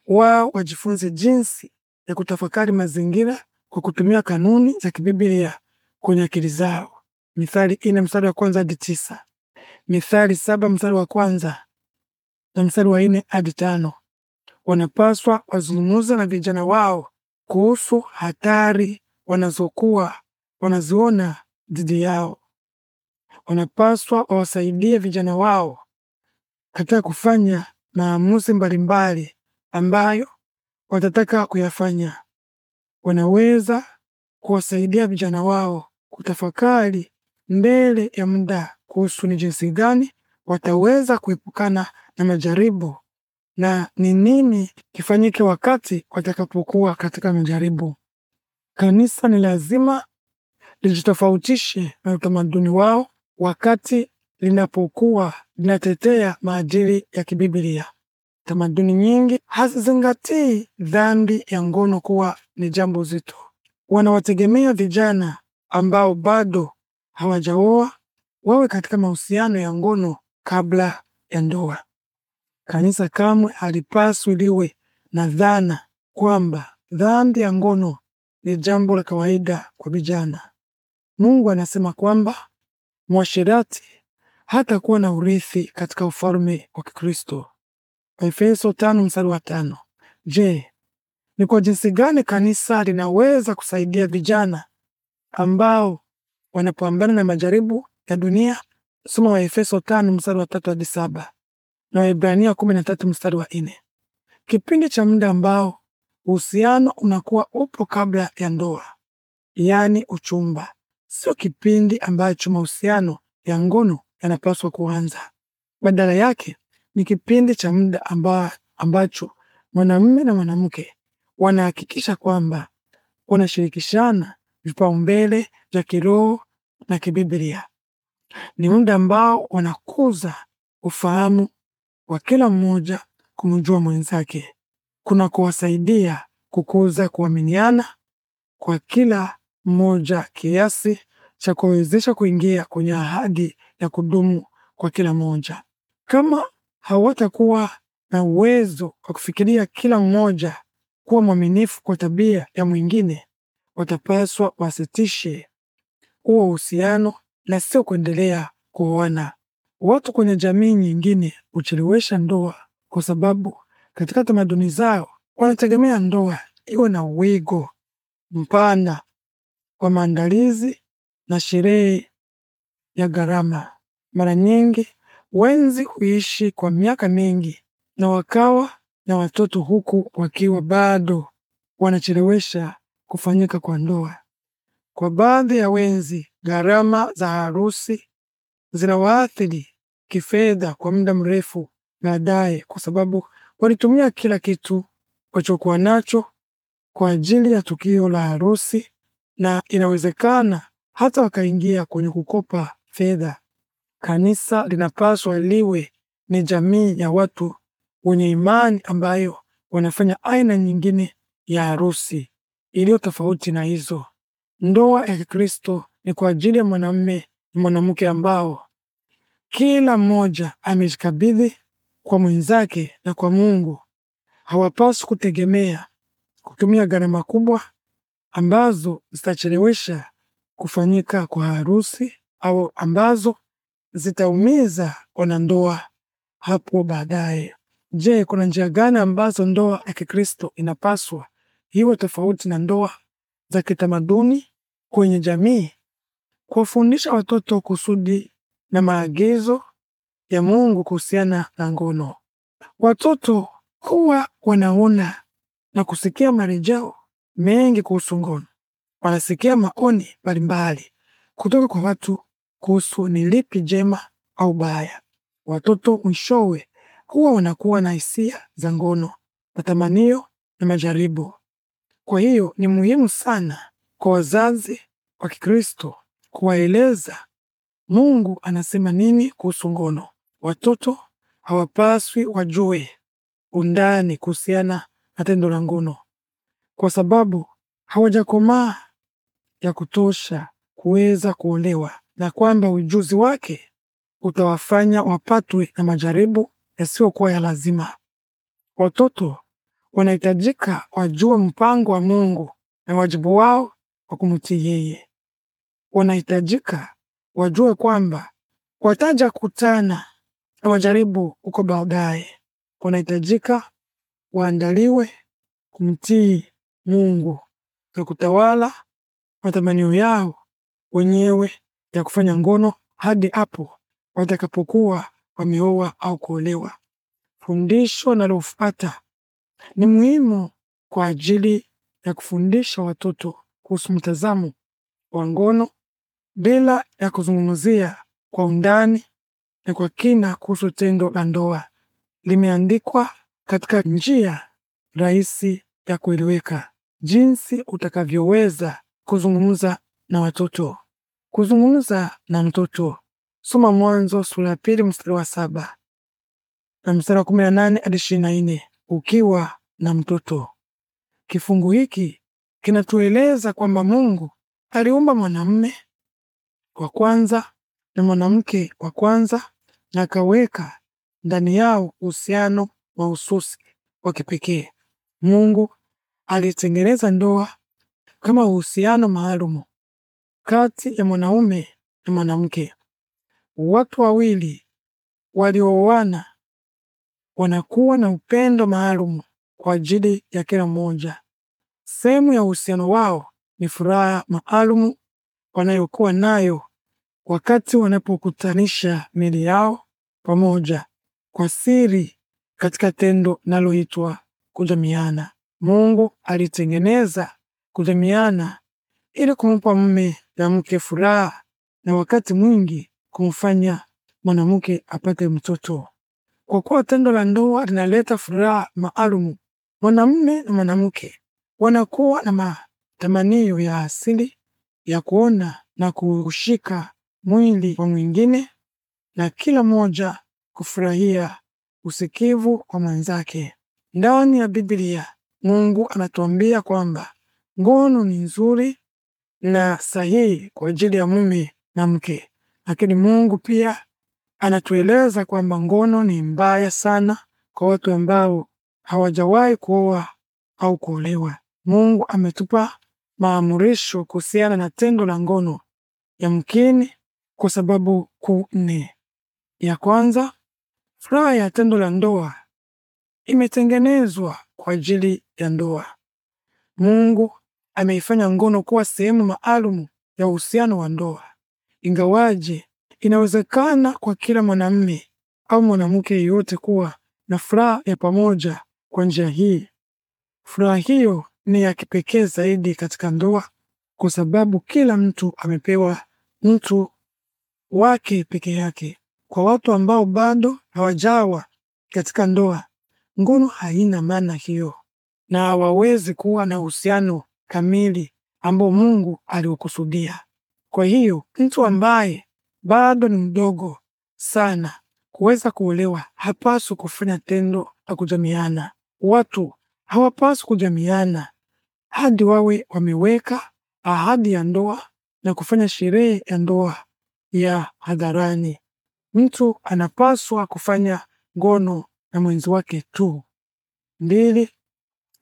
wao wajifunze jinsi ya kutafakari mazingira kwa kutumia kanuni za kibiblia kwenye akili zao. Mithali ine mstari wa kwanza hadi tisa, Mithali saba mstari wa kwanza na mstari wa ine hadi tano wanapaswa wazungumze na vijana wao kuhusu hatari wanazokuwa wanaziona dhidi yao. Wanapaswa wawasaidie vijana wao katika kufanya maamuzi mbalimbali ambayo watataka kuyafanya. Wanaweza kuwasaidia vijana wao kutafakari mbele ya muda kuhusu ni jinsi gani wataweza kuepukana na majaribu na ni nini kifanyike wakati watakapokuwa katika majaribu. Kanisa ni lazima lijitofautishe na utamaduni wao wakati linapokuwa linatetea maadili ya kibiblia. Tamaduni nyingi hazizingatii dhambi ya ngono kuwa ni jambo zito. Wanawategemea vijana ambao bado hawajaoa wawe katika mahusiano ya ngono kabla ya ndoa. Kanisa kamwe halipaswi liwe na dhana kwamba dhambi ya ngono ni jambo la kawaida kwa vijana. Mungu anasema kwamba mwasherati hatakuwa na urithi katika ufalme wa Kikristo. Efeso tano mstari wa tano. Je, ni kwa jinsi gani kanisa linaweza kusaidia vijana ambao wanapambana na majaribu ya dunia? Soma Efeso tano mstari wa tatu hadi saba na Waebrania 13 mstari wa 4. Kipindi cha muda ambao uhusiano unakuwa upo kabla ya ndoa, yaani uchumba, sio kipindi ambacho mahusiano ya ngono yanapaswa kuanza. Badala yake ni kipindi cha muda ambacho mwanamume na mwanamke wanahakikisha kwamba wanashirikishana vipaumbele vya kiroho na kibiblia. Ni muda ambao wanakuza ufahamu kwa kila mmoja kumjua mwenzake kuna kuwasaidia kukuza kuaminiana kwa kila mmoja kiasi cha kuwezesha kuingia kwenye ahadi ya kudumu kwa kila mmoja. Kama hawatakuwa na uwezo wa kufikiria kila mmoja kuwa mwaminifu kwa tabia ya mwingine, watapaswa wasitishe huo uhusiano na sio kuendelea kuoana. Watu kwenye jamii nyingine huchelewesha ndoa kwa sababu katika tamaduni zao wanategemea ndoa iwe na wigo mpana wa maandalizi na sherehe ya gharama. Mara nyingi wenzi huishi kwa miaka mingi na wakawa na watoto huku wakiwa bado wanachelewesha kufanyika kwa ndoa. Kwa baadhi ya wenzi, gharama za harusi zinawaathiri kifedha kwa muda mrefu baadaye, kwa sababu walitumia kila kitu walichokuwa nacho kwa ajili ya tukio la harusi, na inawezekana hata wakaingia kwenye kukopa fedha. Kanisa linapaswa liwe ni jamii ya watu wenye imani ambayo wanafanya aina nyingine ya harusi iliyo tofauti na hizo. Ndoa ya Kikristo ni kwa ajili ya mwanamume na mwanamke ambao kila mmoja amejikabidhi kwa mwenzake na kwa Mungu. Hawapaswi kutegemea kutumia gharama kubwa ambazo zitachelewesha kufanyika kwa harusi au ambazo zitaumiza wanandoa hapo baadaye. Je, kuna njia gani ambazo ndoa ya Kikristo inapaswa iwe tofauti na ndoa za kitamaduni kwenye jamii? Kuwafundisha watoto kusudi na maagizo ya Mungu kuhusiana na ngono. Watoto huwa wanaona na kusikia marejeo mengi kuhusu ngono. Wanasikia maoni mbalimbali kutoka kwa watu kuhusu ni lipi jema au baya. Watoto mwishowe huwa wanakuwa na hisia za ngono, matamanio na majaribu. Kwa hiyo ni muhimu sana kwa wazazi wa Kikristo kuwaeleza Mungu anasema nini kuhusu ngono? Watoto hawapaswi wajue undani kuhusiana na tendo la ngono kwa sababu hawajakomaa ya kutosha kuweza kuolewa, na kwamba ujuzi wake utawafanya wapatwe na majaribu yasiyokuwa ya lazima. Watoto wanahitajika wajue mpango wa Mungu na wajibu wao wa kumtii yeye. Wanahitajika wajue kwamba wataja kutana na majaribu huko baadaye. Wanahitajika waandaliwe kumtii Mungu na kutawala matamanio yao wenyewe ya kufanya ngono hadi hapo watakapokuwa wameoa au kuolewa. Fundisho linalofuata ni muhimu kwa ajili ya kufundisha watoto kuhusu mtazamo wa ngono bila ya kuzungumzia kwa undani na kwa kina kuhusu tendo la ndoa limeandikwa katika njia rahisi ya kueleweka, jinsi utakavyoweza kuzungumza na watoto. Kuzungumza na mtoto, soma Mwanzo sura ya pili mstari wa saba na mstari wa kumi na nane hadi ishirini na nne ukiwa na mtoto. Kifungu hiki kinatueleza kwamba Mungu aliumba mwanamume wa kwanza na mwanamke wa kwanza na akaweka ndani yao uhusiano mahususi wa kipekee. Mungu alitengeneza ndoa kama uhusiano maalumu kati ya mwanaume na mwanamke. Watu wawili waliooana wanakuwa na upendo maalumu kwa ajili ya kila mmoja. Sehemu ya uhusiano wao ni furaha maalumu wanayokuwa nayo wakati wanapokutanisha mili yao pamoja kwa siri katika tendo linaloitwa kujamiana. Mungu alitengeneza kujamiana ili kumpa mume na mke furaha na wakati mwingi kumfanya mwanamke apate mtoto. Kwa kuwa tendo la ndoa linaleta furaha maalumu, mwanamume na mwanamke wanakuwa na matamanio ya asili ya kuona na kushika mwili wa mwingine, na kila mmoja kufurahia usikivu wa mwenzake. Ndani ya Biblia Mungu anatuambia kwamba ngono ni nzuri na sahihi kwa ajili ya mume na mke, lakini Mungu pia anatueleza kwamba ngono ni mbaya sana kwa watu ambao hawajawahi kuoa au kuolewa. Mungu ametupa maamurisho kuhusiana na tendo la ngono yamkini kwa sababu kuu nne. Ya kwanza, furaha ya tendo la ndoa imetengenezwa kwa ajili ya ndoa. Mungu ameifanya ngono kuwa sehemu maalumu ya uhusiano wa ndoa, ingawaje inawezekana kwa kila mwanamume au mwanamke yeyote kuwa na furaha ya pamoja kwa njia hii. Furaha hiyo ni ya kipekee zaidi katika ndoa kwa sababu kila mtu amepewa mtu wake peke yake. Kwa watu ambao bado hawajawa katika ndoa, ngono haina maana hiyo, na hawawezi kuwa na uhusiano kamili ambao Mungu aliokusudia Kwa hiyo mtu ambaye bado ni mdogo sana kuweza kuolewa hapaswi kufanya tendo la kujamiana. Watu hawapaswi kujamiana hadi wawe wameweka ahadi ya ndoa na kufanya sherehe ya ndoa ya hadharani. Mtu anapaswa kufanya ngono na mwenzi wake tu. Mbili,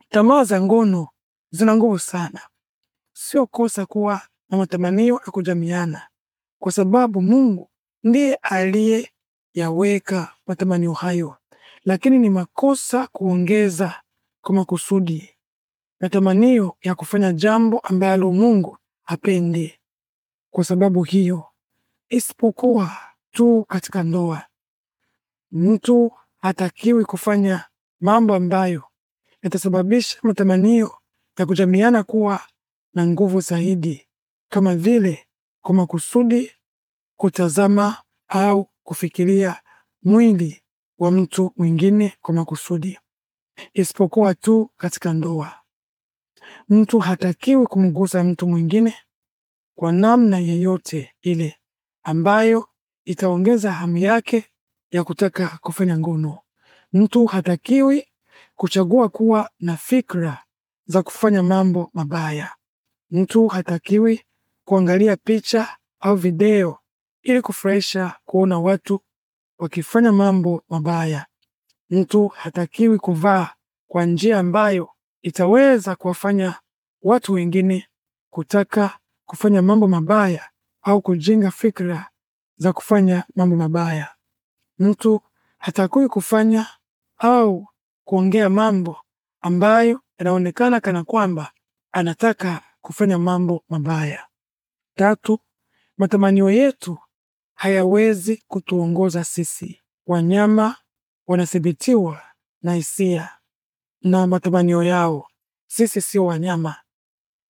tamaa za ngono zina nguvu sana. Sio kosa kuwa na matamanio ya kujamiana, kwa sababu Mungu ndiye aliye yaweka matamanio hayo, lakini ni makosa kuongeza kwa makusudi matamanio ya kufanya jambo ambalo Mungu hapendi. Kwa sababu hiyo, isipokuwa tu katika ndoa, mtu hatakiwi kufanya mambo ambayo yatasababisha matamanio ya kujamiana kuwa na nguvu zaidi, kama vile kwa makusudi kutazama au kufikiria mwili wa mtu mwingine kwa makusudi isipokuwa tu katika ndoa. Mtu hatakiwi kumgusa mtu mwingine kwa namna yeyote ile ambayo itaongeza hamu yake ya kutaka kufanya ngono. Mtu hatakiwi kuchagua kuwa na fikra za kufanya mambo mabaya. Mtu hatakiwi kuangalia picha au video ili kufurahisha kuona watu wakifanya mambo mabaya mtu hatakiwi kuvaa kwa njia ambayo itaweza kuwafanya watu wengine kutaka kufanya mambo mabaya au kujenga fikra za kufanya mambo mabaya. Mtu hatakiwi kufanya au kuongea mambo ambayo yanaonekana kana kwamba anataka kufanya mambo mabaya. Tatu, matamanio yetu hayawezi kutuongoza sisi. Wanyama wanathibitiwa na hisia na matamanio yao. Sisi sio wanyama,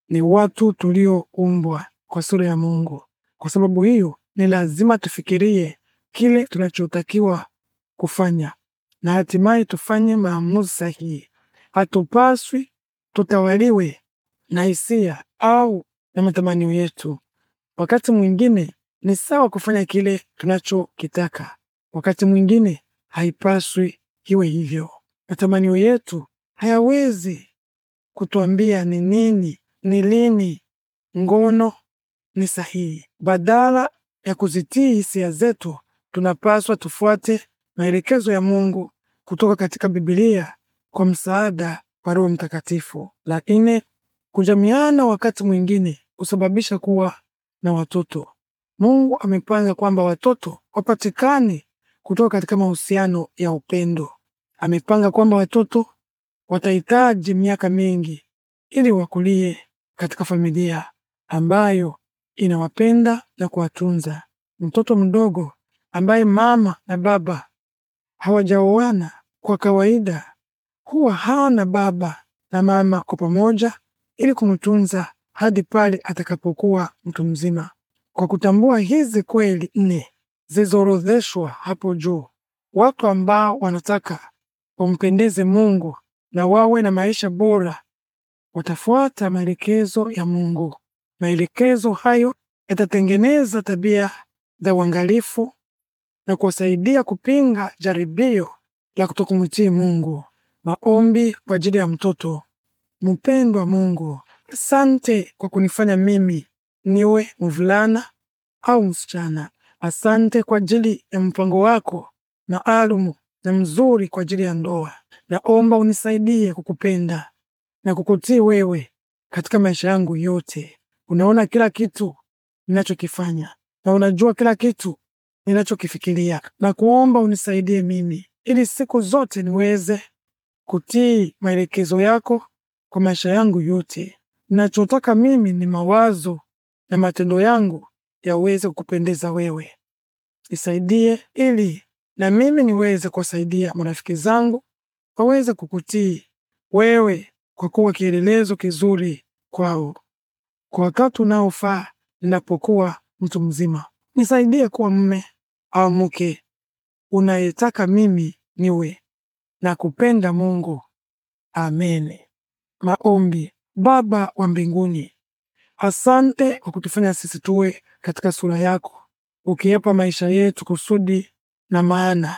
ni watu tulioumbwa kwa sura ya Mungu. Kwa sababu hiyo, ni lazima tufikirie kile tunachotakiwa kufanya na hatimaye tufanye maamuzi sahihi. Hatupaswi tutawaliwe na hisia au na matamanio yetu. Wakati mwingine ni sawa kufanya kile tunachokitaka, wakati mwingine haipaswi iwe hivyo. Matamanio yetu hayawezi kutuambia ni nini, ni lini ngono ni sahihi. Badala ya kuzitii hisia zetu, tunapaswa tufuate maelekezo ya Mungu kutoka katika Biblia kwa msaada wa Roho Mtakatifu. Lakini kujamiana wakati mwingine husababisha kuwa na watoto. Mungu amepanga kwamba watoto wapatikane kutoka katika mahusiano ya upendo. Amepanga kwamba watoto watahitaji miaka mingi ili wakulie katika familia ambayo inawapenda na kuwatunza. Mtoto mdogo ambaye mama na baba hawajaoana kwa kawaida huwa hana baba na mama kwa pamoja ili kumtunza hadi pale atakapokuwa mtu mzima. Kwa kutambua hizi kweli nne zilizoorodheshwa hapo juu. Watu ambao wanataka wampendeze Mungu na wawe na maisha bora watafuata maelekezo ya Mungu. Maelekezo hayo yatatengeneza tabia za uangalifu na kuwasaidia kupinga jaribio la kutokumtii Mungu. Maombi kwa ajili ya mtoto. Mpendwa Mungu, asante kwa kunifanya mimi niwe mvulana au msichana Asante kwa ajili ya mpango wako maalumu na mzuri kwa ajili ya ndoa. Naomba unisaidie kukupenda na kukutii wewe katika maisha yangu yote. Unaona kila kitu ninachokifanya na unajua kila kitu ninachokifikiria, na kuomba unisaidie mimi ili siku zote niweze kutii maelekezo yako kwa maisha yangu yote. Ninachotaka mimi ni mawazo na matendo yangu yaweze kupendeza wewe. Nisaidie ili na mimi niweze kuwasaidia marafiki zangu waweze kukutii wewe, kwa kuwa kielelezo kizuri kwao kwa wakati unaofaa ninapokuwa mtu mzima. Nisaidie kuwa mme au mke unayetaka mimi niwe na kupenda Mungu. Amen. Maombi. Baba wa mbinguni, asante kwa kutufanya sisi tuwe katika sura yako, ukiyapa maisha yetu kusudi na maana.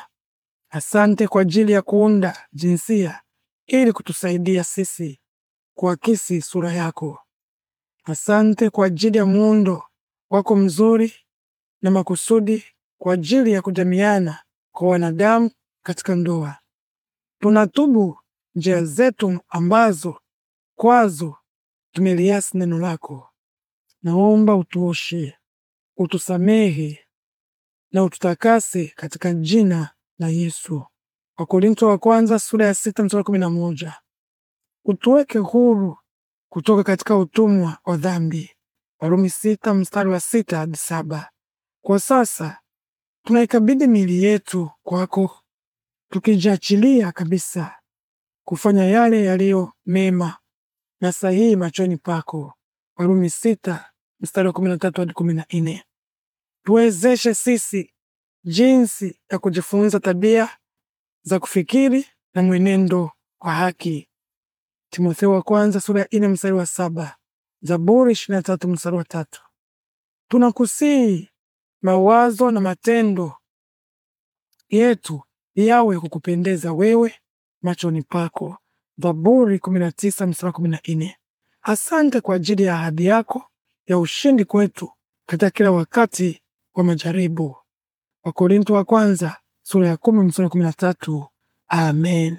Asante kwa ajili ya kuunda jinsia ili kutusaidia sisi kuakisi sura yako. Asante kwa ajili ya muundo wako mzuri na makusudi kwa ajili ya kujamiana kwa wanadamu katika ndoa. Tunatubu njia zetu ambazo kwazo tumeliasi neno lako. Naomba utuoshe utusamehe na ututakase katika jina la Yesu. Wakorintho wa kwanza sura ya sita mstari kumi na moja. Utuweke huru kutoka katika utumwa wa dhambi. Warumi sita mstari wa sita hadi saba. Kwa sasa tunaikabidhi mili yetu kwako, tukijiachilia kabisa kufanya yale yaliyo mema na sahihi machoni pako. Warumi sita mstari wa kumi na tatu hadi kumi na nne tuwezeshe sisi jinsi ya kujifunza tabia za kufikiri na mwenendo kwa haki. Timotheo wa kwanza sura ya nne mstari wa saba Zaburi ishirini na tatu mstari wa tatu. Tunakusii mawazo na matendo yetu yawe kukupendeza wewe machoni pako. Zaburi 19 mstari wa 14. Asante kwa ajili ya ahadi yako ya ushindi kwetu katika kila wakati wa majaribu. Wakorintho wa kwanza sura ya kumi mstari wa kumi na tatu. Amen.